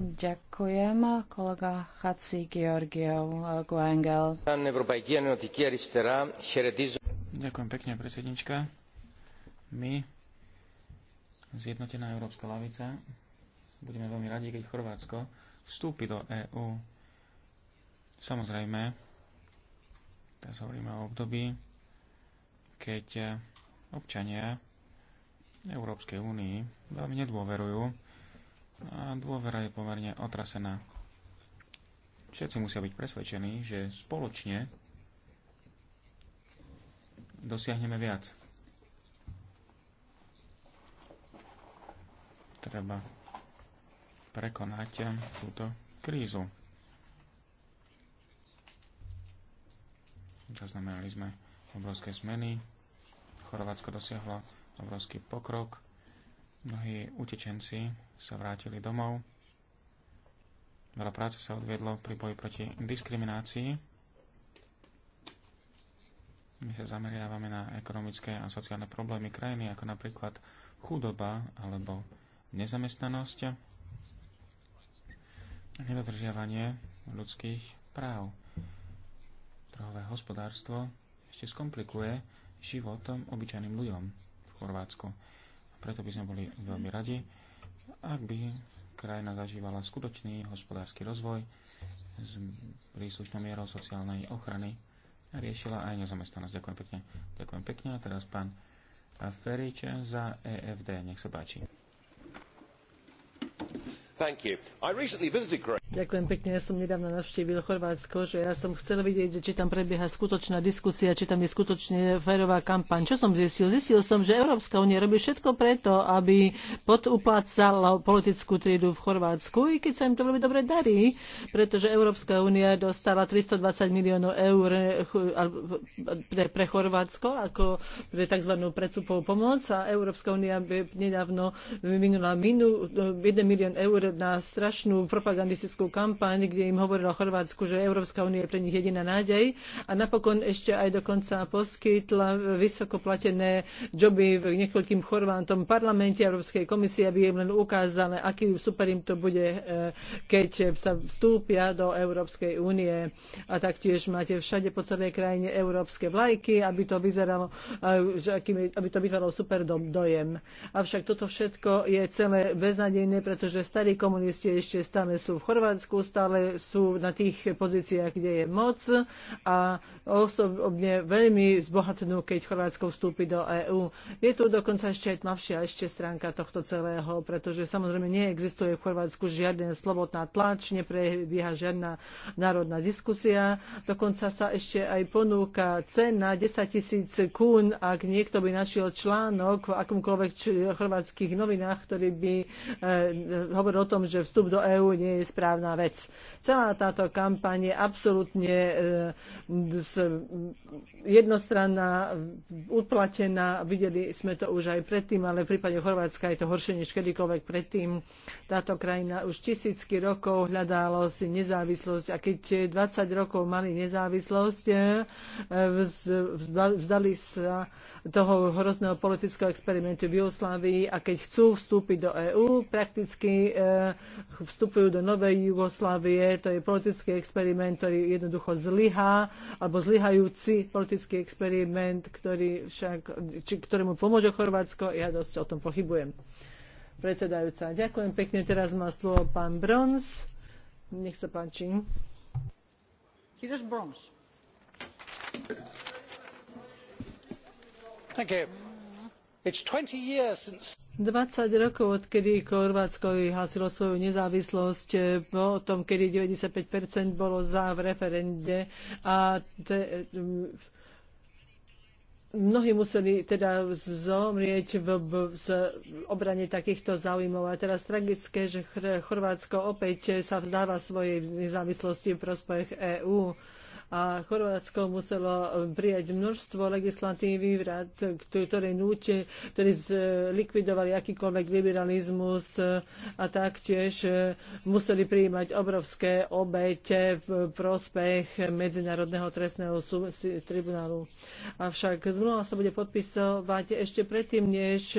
Ďakujem, kolega Chaci Georgiev eh, Guengel. Ďakujem pekne, predsednička. My, Zjednotená Európska lavica, budeme veľmi radi, keď Chorvátsko vstúpi do EÚ. Samozrejme, teraz hovoríme o období, keď občania Európskej únii veľmi nedôverujú a dôvera je pomerne otrasená. Všetci musia byť presvedčení, že spoločne dosiahneme viac. Treba prekonať túto krízu. Zaznamenali sme obrovské zmeny. Chorvátsko dosiahlo obrovský pokrok Mnohí utečenci sa vrátili domov. Veľa práce sa odviedlo pri boji proti diskriminácii. My sa zameriavame na ekonomické a sociálne problémy krajiny, ako napríklad chudoba alebo nezamestnanosť a nedodržiavanie ľudských práv. Trhové hospodárstvo ešte skomplikuje životom obyčajným ľuďom v Chorvátsku preto by sme boli veľmi radi, ak by krajina zažívala skutočný hospodársky rozvoj s príslušnou mierou sociálnej ochrany a riešila aj nezamestnanosť. Ďakujem pekne. Ďakujem pekne. A teraz pán Ferič za EFD. Nech sa páči. Ďakujem pekne. Ja som nedávno navštívil Chorvátsko, že ja som chcel vidieť, či tam prebieha skutočná diskusia, či tam je skutočne férová kampaň. Čo som zistil? Zistil som, že Európska únia robí všetko preto, aby poduplácala politickú triedu v Chorvátsku, i keď sa im to veľmi dobre darí, pretože Európska únia dostala 320 miliónov eur pre, eh, pre Chorvátsko ako pre tzv. pretupovú pomoc a Európska únia nedávno minula minú, 1 eh, milión eur na strašnú propagandistickú kampaň, kde im hovorila Chorvátsku, že Európska únia je pre nich jediná nádej a napokon ešte aj dokonca poskytla vysokoplatené joby v niekoľkým Chorvátom parlamente Európskej komisie, aby im len ukázali, aký super im to bude, e, keď sa vstúpia do Európskej únie. A taktiež máte všade po celej krajine európske vlajky, aby to vyzeralo, e, aby to vyzeralo super dojem. Avšak toto všetko je celé beznadejné, pretože starý komunisti ešte stále sú v Chorvátsku, stále sú na tých pozíciách, kde je moc a osobne veľmi zbohatnú, keď Chorvátsko vstúpi do EÚ. Je tu dokonca ešte aj tmavšia ešte stránka tohto celého, pretože samozrejme neexistuje v Chorvátsku žiadna slobodná tlač, neprebieha žiadna národná diskusia. Dokonca sa ešte aj ponúka cena 10 tisíc kún, ak niekto by našiel článok v akomkoľvek chorvátskych novinách, ktorý by e, hovoril o tom, že vstup do EÚ nie je správna vec. Celá táto kampaň je absolútne e, jednostranná, uplatená. Videli sme to už aj predtým, ale v prípade Chorvátska je to horšie než kedykoľvek predtým. Táto krajina už tisícky rokov hľadala si nezávislosť a keď 20 rokov mali nezávislosť, e, vzdali sa toho hrozného politického experimentu v Jugoslávii a keď chcú vstúpiť do EÚ, prakticky eh, vstupujú do novej Jugoslávie. To je politický experiment, ktorý jednoducho zlyhá, alebo zlyhajúci politický experiment, ktorý však, či, ktorému pomôže Chorvátsko. Ja dosť o tom pochybujem. Predsedajúca, ďakujem pekne. Teraz má slovo pán Brons. Nech sa páči. Kýdaš Bronz. 20 rokov, odkedy Chorvátsko vyhlásilo svoju nezávislosť, eh, po tom, kedy 95% bolo za v referende a te, eh, mnohí museli teda zomrieť v, v, z obrane takýchto záujmov. A teraz tragické, že Chorvátsko opäť eh, sa vzdáva svojej nezávislosti v prospech EÚ a Chorvátsko muselo prijať množstvo legislatívy, vrát, ktoré núči, ktorí zlikvidovali akýkoľvek liberalizmus a taktiež museli prijímať obrovské obete v prospech Medzinárodného trestného tribunálu. Avšak zmluva sa bude podpisovať ešte predtým, než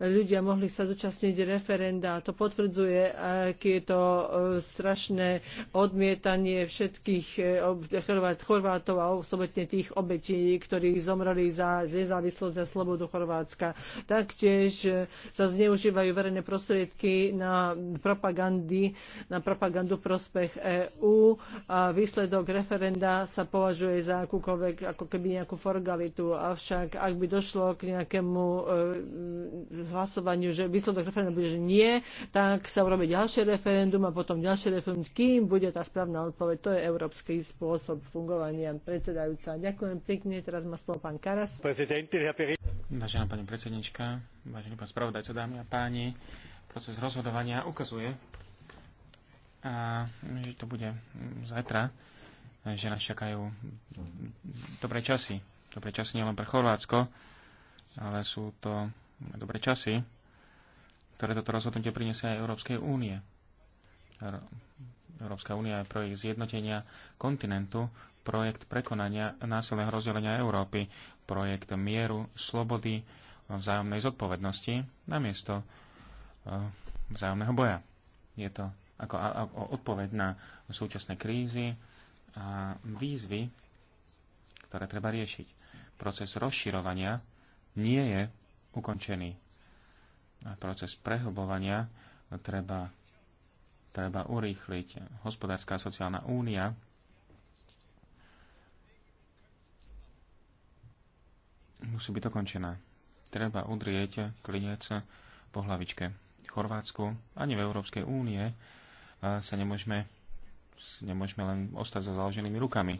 ľudia mohli sa zúčastniť referenda. To potvrdzuje, aké je to e, strašné odmietanie všetkých e, chorvátskych Chorvátov a osobitne tých obetí, ktorí zomreli za nezávislosť a slobodu Chorvátska. Taktiež e, sa zneužívajú verejné prostriedky na propagandy, na propagandu prospech EÚ a výsledok referenda sa považuje za akúkoľvek, ako keby nejakú forgalitu. Avšak ak by došlo k nejakému e, hlasovaniu, že výsledok referenda bude, že nie, tak sa urobí ďalšie referendum a potom ďalšie referendum, kým bude tá správna odpoveď. To je európsky spôsob fungovania fungovania predsedajúca. Ďakujem pekne, teraz má slovo pán Karas. Vážená pani predsednička, vážený pán spravodajca, dámy a páni, proces rozhodovania ukazuje, a že to bude zajtra, že nás čakajú dobré časy. Dobré časy nielen pre Chorvátsko, ale sú to dobré časy, ktoré toto rozhodnutie priniesie aj Európskej únie Európska únia je projekt zjednotenia kontinentu, projekt prekonania násilného rozdelenia Európy, projekt mieru, slobody, vzájomnej zodpovednosti namiesto eh, vzájomného boja. Je to ako odpoveď na súčasné krízy a výzvy, ktoré treba riešiť. Proces rozširovania nie je ukončený. A proces prehlbovania treba treba urýchliť. Hospodárska a sociálna únia musí byť dokončená. Treba udrieť klinec po hlavičke. V Chorvátsku ani v Európskej únie sa nemôžeme, nemôžeme len ostať so založenými rukami.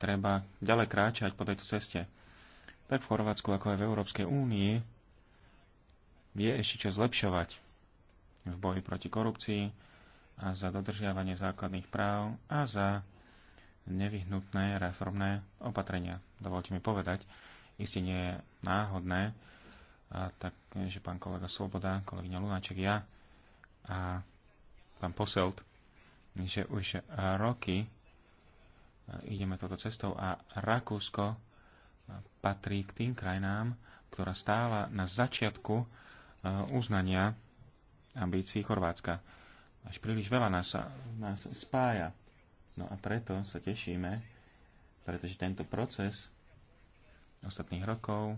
Treba ďalej kráčať po tejto ceste. Tak v Chorvátsku, ako aj v Európskej únii, je ešte čo zlepšovať v boji proti korupcii, a za dodržiavanie základných práv a za nevyhnutné reformné opatrenia. Dovolte mi povedať, isté nie je náhodné, a tak, že pán kolega Svoboda, kolegyňa Lunáček, ja a pán Poselt, že už roky ideme touto cestou a Rakúsko patrí k tým krajinám, ktorá stála na začiatku e, uznania ambícií Chorvátska až príliš veľa nás, nás spája. No a preto sa tešíme, pretože tento proces ostatných rokov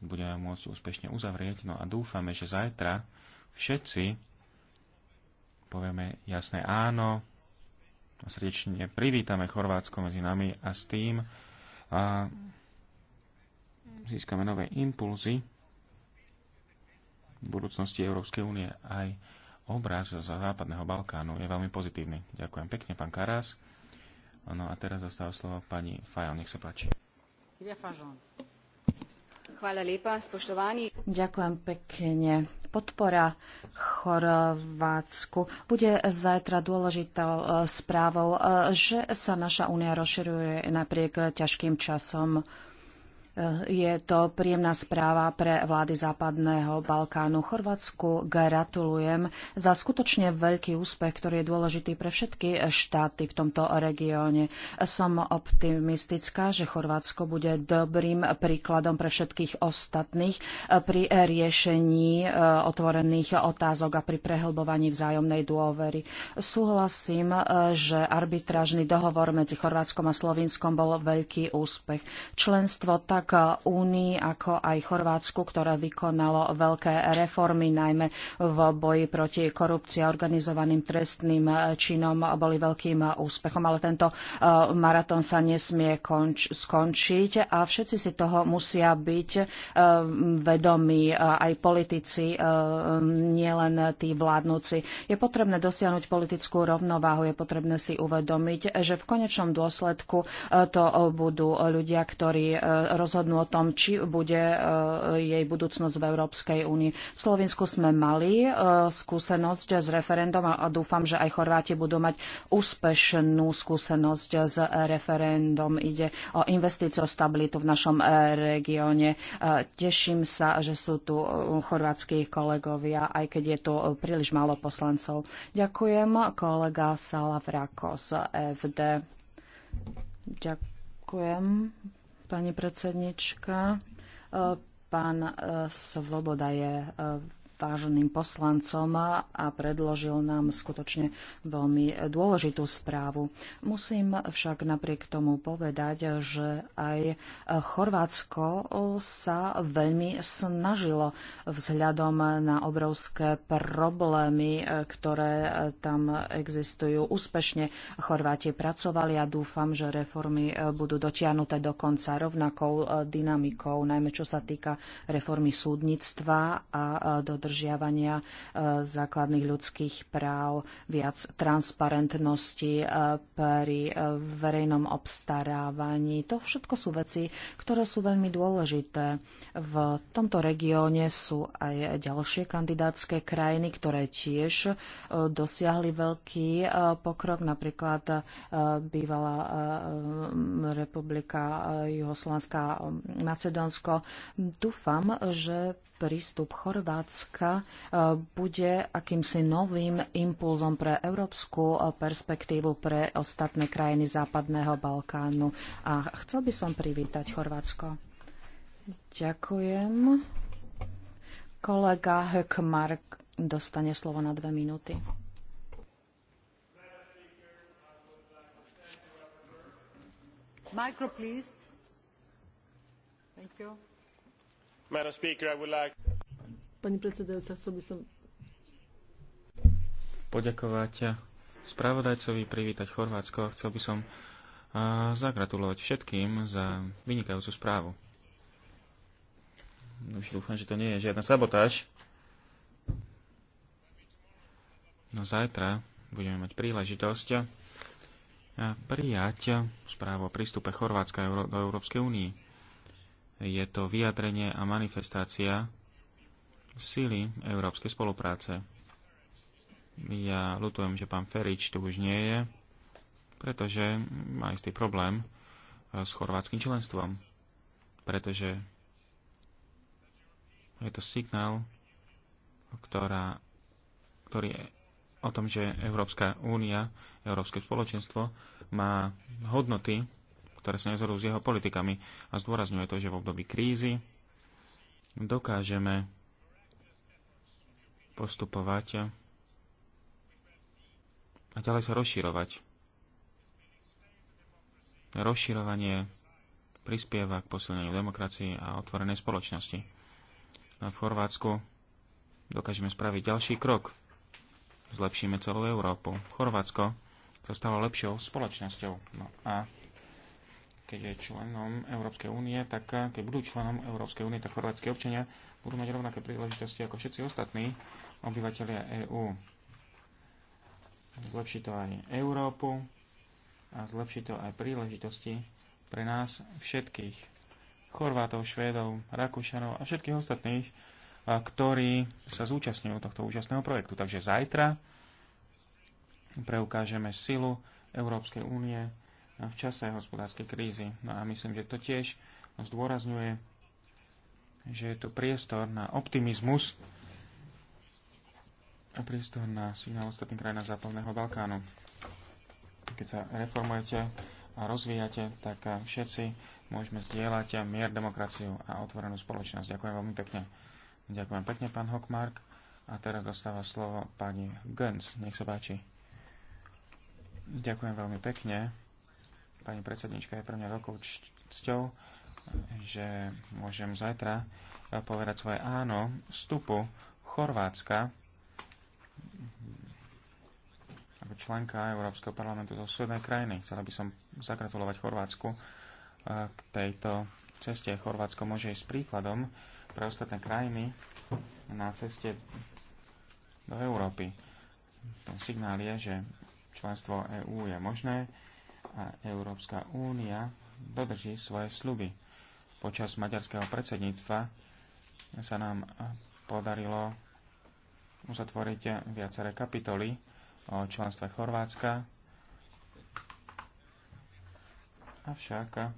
budeme môcť úspešne uzavrieť. No a dúfame, že zajtra všetci povieme jasné áno a srdečne privítame Chorvátsko medzi nami a s tým a získame nové impulzy budúcnosti Európskej únie. Aj obraz z Západného Balkánu je veľmi pozitívny. Ďakujem pekne, pán Karas. No a teraz zastáva slovo pani Fajon, nech sa páči. Lepa, Ďakujem pekne. Podpora Chorvátsku bude zajtra dôležitou e, správou, e, že sa naša únia rozširuje napriek ťažkým časom. Eh, je to príjemná správa pre vlády Západného Balkánu. Chorvátsku gratulujem za skutočne veľký úspech, ktorý je dôležitý pre všetky štáty v tomto regióne. Som optimistická, že Chorvátsko bude dobrým príkladom pre všetkých ostatných eh, pri riešení eh, otvorených otázok a pri prehlbovaní vzájomnej dôvery. Súhlasím, že arbitrážny dohovor medzi Chorvátskom a Slovinskom bol veľký úspech. Členstvo tak tak Únii, ako aj Chorvátsku, ktoré vykonalo veľké reformy, najmä v boji proti korupcii a organizovaným trestným činom boli veľkým úspechom. Ale tento eh, maratón sa nesmie konč- skončiť a všetci si toho musia byť eh, vedomí, aj politici, eh, nielen tí vládnuci. Je potrebné dosiahnuť politickú rovnováhu, je potrebné si uvedomiť, že v konečnom dôsledku to budú ľudia, ktorí rozhodujú rozhodnú o tom, či bude e, jej budúcnosť v Európskej únii. V Slovensku sme mali e, skúsenosť s referendom a dúfam, že aj Chorváti budú mať úspešnú skúsenosť s referendom, Ide o investíciu o stabilitu v našom e, regióne. Teším sa, že sú tu chorvátsky kolegovia, aj keď je tu príliš málo poslancov. Ďakujem, kolega Salavrakos, FD. Ďakujem pani predsednička. E, pán e, Svoboda je e, váženým poslancom a predložil nám skutočne veľmi dôležitú správu. Musím však napriek tomu povedať, že aj Chorvátsko sa veľmi snažilo vzhľadom na obrovské problémy, ktoré tam existujú. Úspešne Chorváti pracovali a dúfam, že reformy budú dotiahnuté do konca rovnakou dynamikou, najmä čo sa týka reformy súdnictva a dodržania dodržiavania e, základných ľudských práv, viac transparentnosti e, pri e, verejnom obstarávaní. To všetko sú veci, ktoré sú veľmi dôležité. V tomto regióne sú aj ďalšie kandidátske krajiny, ktoré tiež dosiahli veľký pokrok, napríklad bývalá republika Juhoslovanská Macedónsko. Dúfam, že prístup Chorvátska e, bude akýmsi novým impulzom pre európsku e, perspektívu pre ostatné krajiny Západného Balkánu. A chcel by som privítať Chorvátsko. Ďakujem. Kolega Hökmark dostane slovo na dve minúty. Micro, please. Thank you. Pani predsedajúca, chcel by som poďakovať spravodajcovi, privítať Chorvátsko a chcel by som zagratulovať všetkým za vynikajúcu správu. Už dúfam, že to nie je žiadna sabotáž. No zajtra budeme mať príležitosť prijať správu o prístupe Chorvátska do Európskej únii je to vyjadrenie a manifestácia síly európskej spolupráce. Ja ľutujem, že pán Ferič tu už nie je, pretože má istý problém e, s chorvátským členstvom. Pretože je to signál, ktorá, ktorý je o tom, že Európska únia, Európske spoločenstvo má hodnoty, ktoré sa nezhodujú s jeho politikami. A zdôrazňuje to, že v období krízy dokážeme postupovať a ďalej sa rozširovať. Rozširovanie prispieva k posilneniu demokracie a otvorenej spoločnosti. A v Chorvátsku dokážeme spraviť ďalší krok. Zlepšíme celú Európu. Chorvátsko sa stalo lepšou spoločnosťou. No a keď je členom Európskej únie, tak eh, keď budú členom Európskej únie, tak chorvátske občania budú mať rovnaké príležitosti ako všetci ostatní obyvateľia EÚ. Zlepší to aj Európu a zlepší to aj príležitosti pre nás všetkých. Chorvátov, Švédov, Rakúšanov a všetkých ostatných, eh, ktorí sa zúčastňujú tohto úžasného projektu. Takže zajtra preukážeme silu Európskej únie v čase hospodárskej krízy. No a myslím, že to tiež zdôrazňuje, že je tu priestor na optimizmus a priestor na signál ostatných krajín Západného Balkánu. Keď sa reformujete a rozvíjate, tak všetci môžeme zdieľať mier, demokraciu a otvorenú spoločnosť. Ďakujem veľmi pekne. Ďakujem pekne, pán Hockmark. A teraz dostáva slovo pani Gens. Nech sa páči. Ďakujem veľmi pekne. Pani predsednička, je pre mňa veľkou cťou, že môžem zajtra e, povedať svoje áno vstupu Chorvátska ako členka Európskeho parlamentu zo susednej krajiny. Chcela by som zagratulovať Chorvátsku e, k tejto ceste. Chorvátsko môže ísť príkladom pre ostatné krajiny na ceste do Európy. Ten signál je, že členstvo EÚ je možné, a Európska únia dodrží svoje sluby. Počas maďarského predsedníctva sa nám podarilo uzatvoriť viaceré kapitoly o členstve Chorvátska. Avšak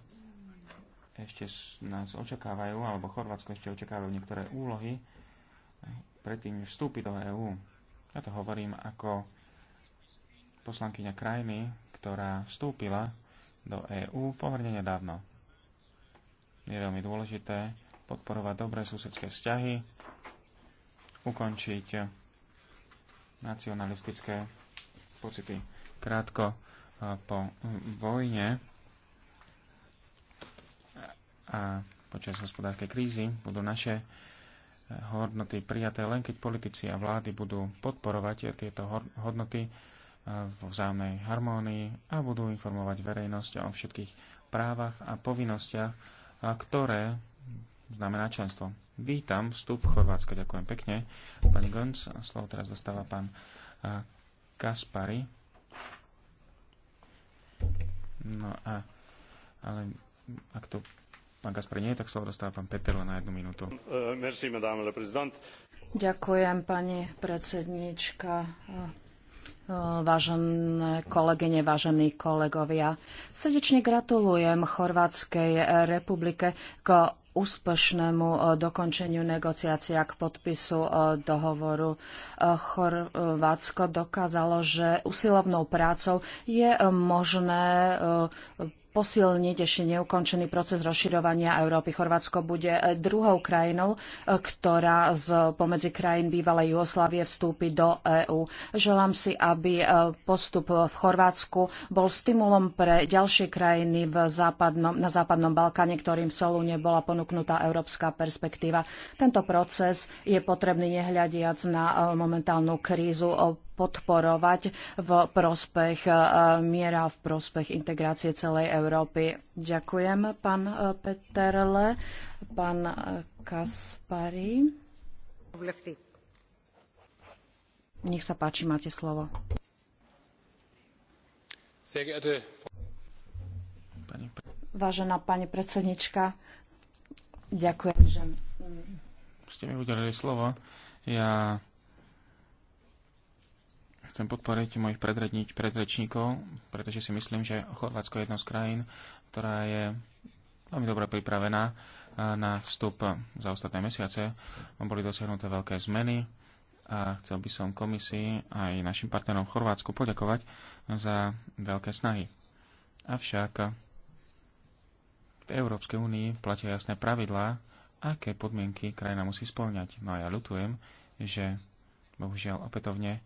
ešte nás očakávajú, alebo Chorvátsko ešte očakávajú niektoré úlohy predtým, než vstúpi do EÚ. Ja to hovorím ako poslankyňa krajiny, ktorá vstúpila do EÚ pomerne nedávno. Je veľmi dôležité podporovať dobré susedské vzťahy, ukončiť nacionalistické pocity. Krátko e, po vojne a počas hospodárskej krízy budú naše e, hodnoty prijaté len keď politici a vlády budú podporovať tieto hodnoty vo vzájomnej harmónii a budú informovať verejnosť o všetkých právach a povinnostiach, ktoré znamená členstvo. Vítam vstup Chorvátska, ďakujem pekne. Pani Gönc, slovo teraz dostáva pán Kaspari. No a, ale ak to pán Kaspari nie, tak slovo dostáva pán Peterle na jednu minútu. E, merci, madame Ďakujem, pani predsednička Vážené kolegyne, vážení kolegovia, srdečne gratulujem Chorvátskej republike k úspešnému e, dokončeniu negociácia k podpisu e, dohovoru. E, Chorvátsko dokázalo, že usilovnou prácou je možné posilniť ešte neukončený proces rozširovania Európy. Chorvátsko bude e, druhou krajinou, e, ktorá z pomedzi krajín bývalej Jugoslávie vstúpi do EÚ. Želám si, aby e, postup v Chorvátsku bol stimulom pre ďalšie krajiny v západnom, na západnom Balkáne, ktorým v Solúne bola ponúknutá európska perspektíva. Tento proces je potrebný nehľadiac na momentálnu krízu podporovať v prospech e, miera, v prospech integrácie celej Európy. Ďakujem, pán e, Peterle, pán e, Kaspari. Nech sa páči, máte slovo. Vážená pani predsednička, ďakujem, že... Ste mi udelili slovo. Ja chcem podporiť mojich predrečníkov, pretože si myslím, že Chorvátsko je jedna z krajín, ktorá je veľmi dobre pripravená eh, na vstup za ostatné mesiace. Boli dosiahnuté veľké zmeny a chcel by som komisii aj našim partnerom v Chorvátsku poďakovať za veľké snahy. Avšak v Európskej únii platia jasné pravidlá, aké podmienky krajina musí spĺňať. No a ja ľutujem, že bohužiaľ opätovne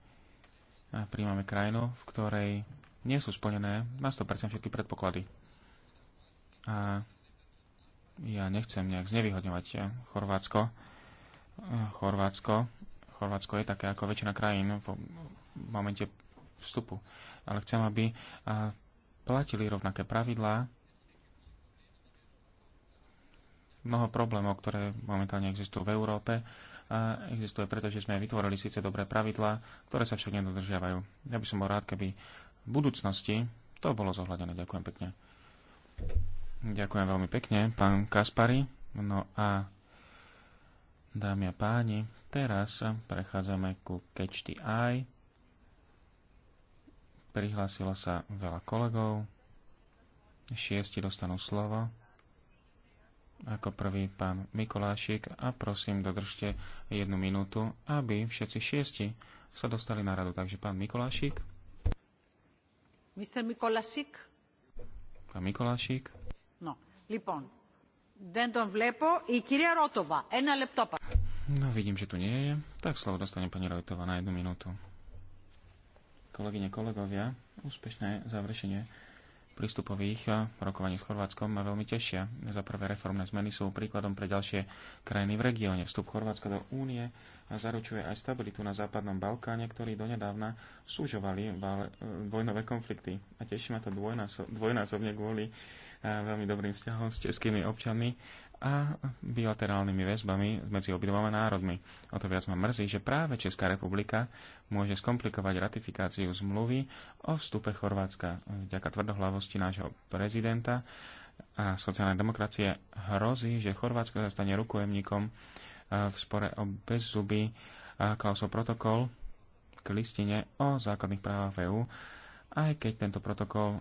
príjmame krajinu, v ktorej nie sú splnené na 100% všetky predpoklady. A ja nechcem nejak znevýhodňovať eh, Chorvátsko. Eh, Chorvátsko, Chorvátsko je také ako väčšina krajín v momente vstupu. Ale chcem, aby eh, platili rovnaké pravidlá. Mnoho problémov, ktoré momentálne existujú v Európe, existuje, pretože sme vytvorili síce dobré pravidlá, ktoré sa však nedodržiavajú. Ja by som bol rád, keby v budúcnosti to bolo zohľadené. Ďakujem pekne. Ďakujem veľmi pekne, pán Kaspari. No a dámy a páni, teraz prechádzame ku Catch the Eye. Prihlásilo sa veľa kolegov. Šiesti dostanú slovo ako prvý pán Mikolášik a prosím dodržte jednu minútu, aby všetci šiesti sa dostali na radu. Takže pán Mikolášik. Mr. Mikolášik. Pán Mikolášik. No, lipon. Dendon vlepo i kyria Rotova. Ena leptopa. No, vidím, že tu nie je. Tak slovo dostane pani Rojtová na jednu minútu. Kolegyne, kolegovia, úspešné završenie prístupových eh, rokovaní s Chorvátskom ma veľmi tešia. Za prvé reformné zmeny sú príkladom pre ďalšie krajiny v regióne. Vstup Chorvátska do únie zaručuje aj stabilitu na západnom Balkáne, ktorí donedávna súžovali eh, vojnové konflikty. A teší ma to dvojnásobne kvôli veľmi dobrým vzťahom s českými občanmi a bilaterálnymi väzbami medzi obidvoma národmi. O to viac ma mrzí, že práve Česká republika môže skomplikovať ratifikáciu zmluvy o vstupe Chorvátska. Vďaka tvrdohlavosti nášho prezidenta a sociálnej demokracie hrozí, že Chorvátsko sa stane rukojemníkom e, v spore o bezzuby Klausov protokol k listine o základných právach EÚ, aj keď tento protokol e,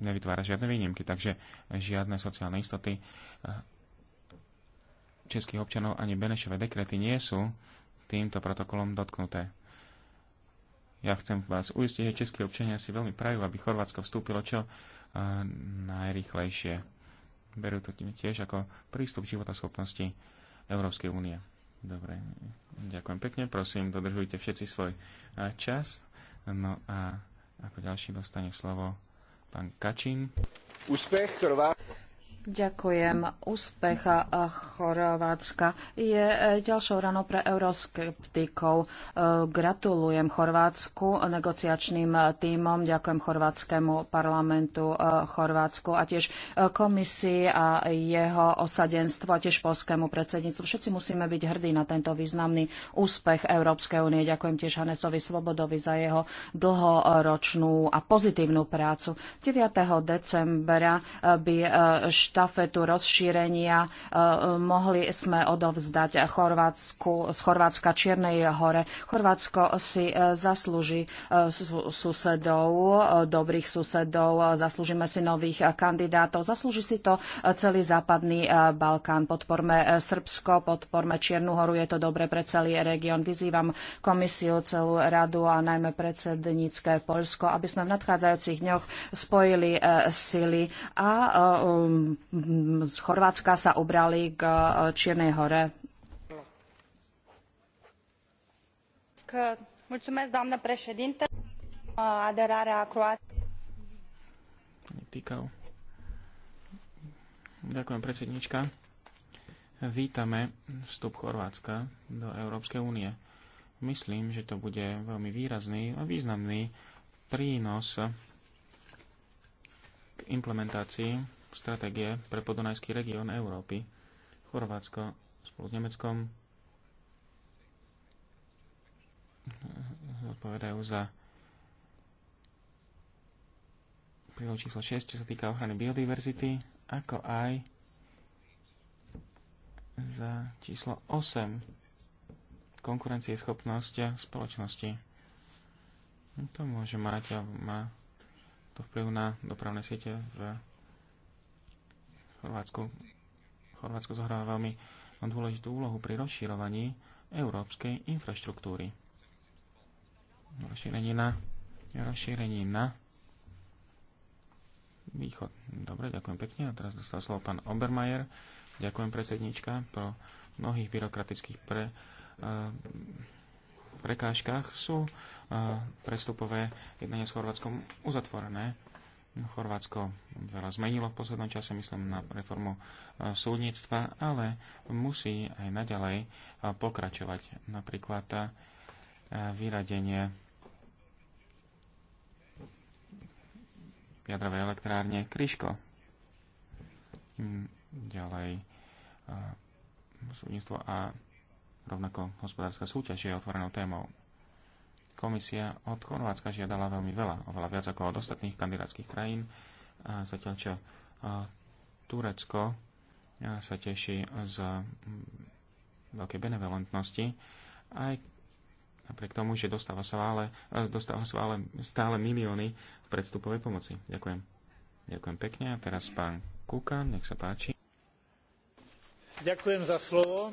nevytvára žiadne výnimky, takže žiadne sociálne istoty eh, českých občanov ani Benešové dekrety nie sú týmto protokolom dotknuté. Ja chcem vás uistiť, že českí občania si veľmi prajú, aby Chorvátsko vstúpilo čo eh, najrychlejšie. Berú to tiež ako prístup životoschopnosti Európskej únie. Dobre, ďakujem pekne. Prosím, dodržujte všetci svoj eh, čas. No a ako ďalší dostane slovo Pán Kačín. Úspech Chorvátska Ďakujem. Úspech Chorvátska je e, ďalšou ranou pre euroskeptikov. E, gratulujem Chorvátsku, negociačným e, týmom, ďakujem Chorvátskému parlamentu Chorvátsku a tiež komisii a jeho osadenstvo a tiež polskému predsedníctvu. Všetci musíme byť hrdí na tento významný úspech Európskej únie. Ďakujem tiež Hanesovi Svobodovi za jeho dlhoročnú a pozitívnu prácu. 9. decembra by štát štafetu rozšírenia e, mohli sme odovzdať Chorvátsku, z Chorvátska Čiernej hore. Chorvátsko si e, zaslúži e, susedov, dobrých susedov, zaslúžime si nových kandidátov, zaslúži si to celý západný Balkán. Podporme Srbsko, podporme Čiernu horu, je to dobre pre celý región. Vyzývam komisiu, celú radu a najmä predsednícke Polsko, aby sme v nadchádzajúcich dňoch spojili sily a um, z Chorvátska sa obrali k e, Čiernej hore. Ďakujem, predsednička. Vítame vstup Chorvátska do Európskej únie. Myslím, že to bude veľmi výrazný a významný prínos k implementácii stratégie pre podunajský región Európy. Chorvátsko spolu s Nemeckom odpovedajú za prílohu číslo 6, čo sa týka ochrany biodiverzity, ako aj za číslo 8 konkurencie schopnosť spoločnosti. To môže mať a má to vplyv na dopravné siete v Chorvátsko, Chorvátsko zohráva veľmi dôležitú úlohu pri rozširovaní európskej infraštruktúry. Rozšírenie na, rozšírenie na východ. Dobre, ďakujem pekne. A teraz dostal slovo pán Obermajer. Ďakujem predsednička. Pro mnohých byrokratických pre, uh, prekážkach sú uh, prestupové jednania s Chorvátskom uzatvorené. Chorvátsko veľa zmenilo v poslednom čase, myslím na reformu e, súdnictva, ale musí aj naďalej e, pokračovať. Napríklad e, vyradenie jadrovej elektrárne Kryško. Hm, ďalej súdnictvo a rovnako hospodárska súťaž je otvorenou témou. Komisia od Chorvátska žiadala veľmi veľa, oveľa viac ako od ostatných kandidátskych krajín, a zatiaľ čo Turecko sa teší z veľkej benevolentnosti, aj napriek tomu, že dostáva sa ale, dostáva sa ale stále milióny v predstupovej pomoci. Ďakujem. Ďakujem pekne. A teraz pán Kukan, nech sa páči. Ďakujem za slovo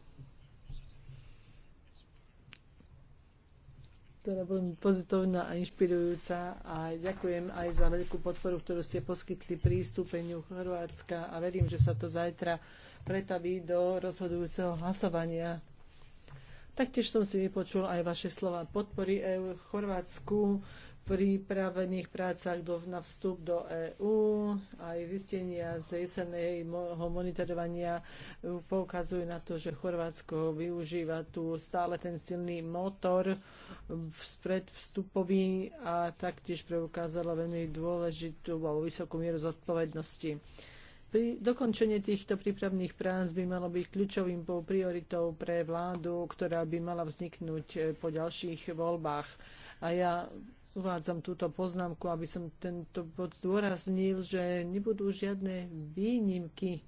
ktorá bola pozitívna a inšpirujúca a ďakujem aj za veľkú podporu, ktorú ste poskytli prístupeniu Chorvátska a verím, že sa to zajtra pretaví do rozhodujúceho hlasovania. Taktiež som si vypočul aj vaše slova podpory EU Chorvátsku pripravených prácach do, na vstup do EÚ. Aj zistenia z jesenného monitorovania poukazujú na to, že Chorvátsko využíva tu stále ten silný motor predvstupový a taktiež preukázala veľmi dôležitú alebo vysokú mieru zodpovednosti. Pri dokončení týchto prípravných prác by malo byť kľúčovým prioritou pre vládu, ktorá by mala vzniknúť eh, po ďalších voľbách. A ja uvádzam túto poznámku, aby som tento bod zdôraznil, že nebudú žiadne výnimky eh,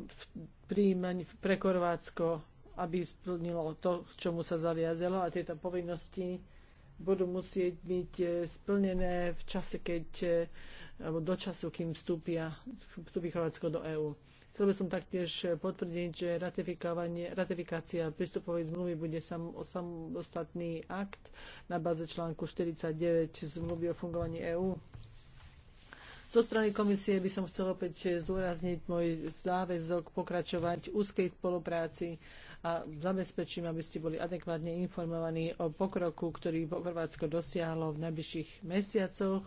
v, pri, pre Korvátsko aby splnilo to, čomu sa zaviazalo a tieto povinnosti budú musieť byť e, splnené v čase, keď e, alebo do času, kým vstúpia, vstúpi Chorvátsko do EÚ. Chcel by som taktiež potvrdiť, že ratifikácia prístupovej zmluvy bude sam, samostatný akt na báze článku 49 zmluvy o fungovaní EÚ. Zo strany komisie by som chcel opäť zdôrazniť môj záväzok pokračovať v úzkej spolupráci a zabezpečím, aby ste boli adekvátne informovaní o pokroku, ktorý Chorvátsko dosiahlo v najbližších mesiacoch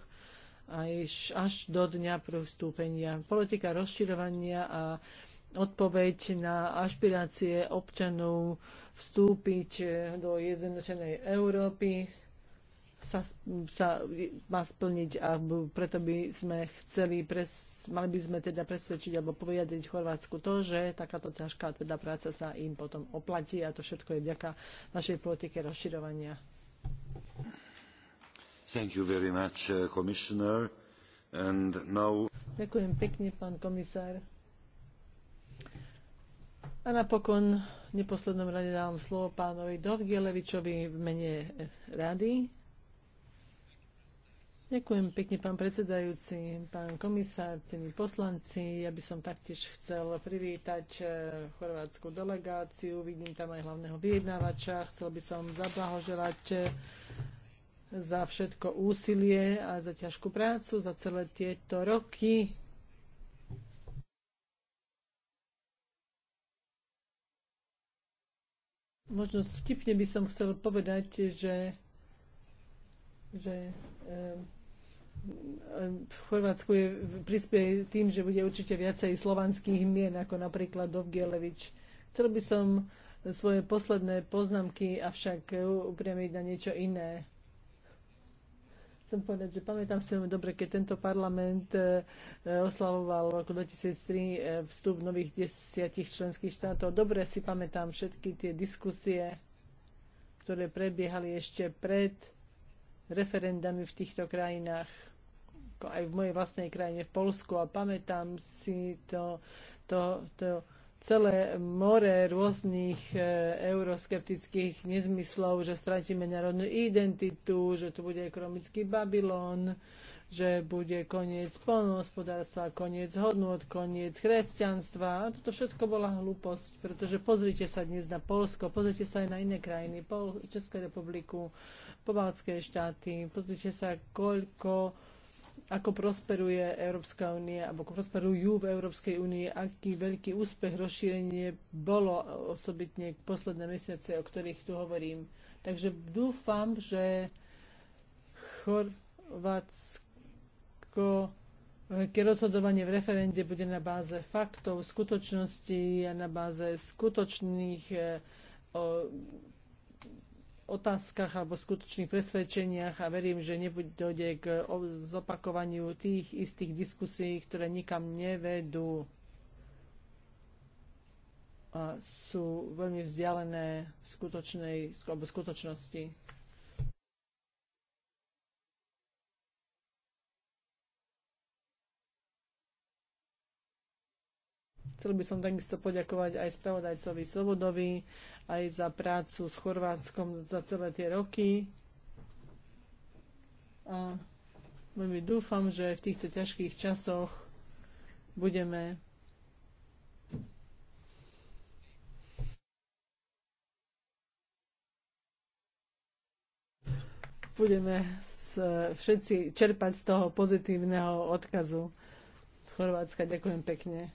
až, až do dňa pristúpenia. Politika rozširovania a odpoveď na ašpirácie občanov vstúpiť do jednotenej Európy sa, sa má splniť a preto by sme chceli, pres, mali by sme teda presvedčiť alebo poviadriť Chorvátsku to, že takáto ťažká teda práca sa im potom oplatí a to všetko je vďaka našej politike rozširovania. Thank you very much, uh, Commissioner. And now... Ďakujem pekne, pán komisár. A napokon v neposlednom rade dávam slovo pánovi Dovgielevičovi v mene rady. Ďakujem pekne, pán predsedajúci, pán komisár, cení poslanci. Ja by som taktiež chcel privítať eh, chorvátsku delegáciu. Vidím tam aj hlavného vyjednávača. Chcel by som zablahoželať eh, za všetko úsilie a za ťažkú prácu za celé tieto roky. Možno vtipne by som chcel povedať, že, že eh, v Chorvátsku je, prispieje tým, že bude určite viacej slovanských mien, ako napríklad Dovgielevič. Chcel by som svoje posledné poznámky avšak upriamiť na niečo iné. Chcem povedať, že pamätám si veľmi dobre, keď tento parlament e, oslavoval v roku 2003 e, vstup nových desiatich členských štátov. Dobre si pamätám všetky tie diskusie, ktoré prebiehali ešte pred referendami v týchto krajinách aj v mojej vlastnej krajine, v Polsku a pamätám si to, to, to celé more rôznych e, euroskeptických nezmyslov, že stratíme národnú identitu, že tu bude ekonomický Babylon, že bude koniec polnohospodárstva, koniec hodnot, koniec kresťanstva. A toto všetko bola hlúposť, pretože pozrite sa dnes na Polsko, pozrite sa aj na iné krajiny, Pol- Českú republiku, pobaltské štáty, pozrite sa, koľko ako prosperuje Európska únia, alebo ako prosperujú v Európskej únii, aký veľký úspech rozšírenie bolo osobitne posledné mesiace, o ktorých tu hovorím. Takže dúfam, že Chorvátsko ako eh, keď rozhodovanie v referende bude na báze faktov, skutočnosti a na báze skutočných eh, o, otázkach alebo skutočných presvedčeniach a verím, že nebude k zopakovaniu tých istých diskusí, ktoré nikam nevedú a sú veľmi vzdialené v skutočnej, alebo skutočnosti. Chcel by som takisto poďakovať aj spravodajcovi Slobodovi, aj za prácu s Chorvátskom za celé tie roky. A veľmi dúfam, že v týchto ťažkých časoch budeme budeme všetci čerpať z toho pozitívneho odkazu z Chorvátska. Ďakujem pekne.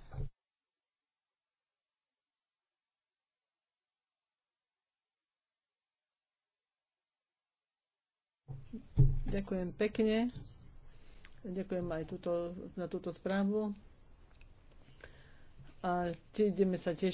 Ďakujem pekne. Ďakujem aj túto, na túto správu. A ideme sa tiež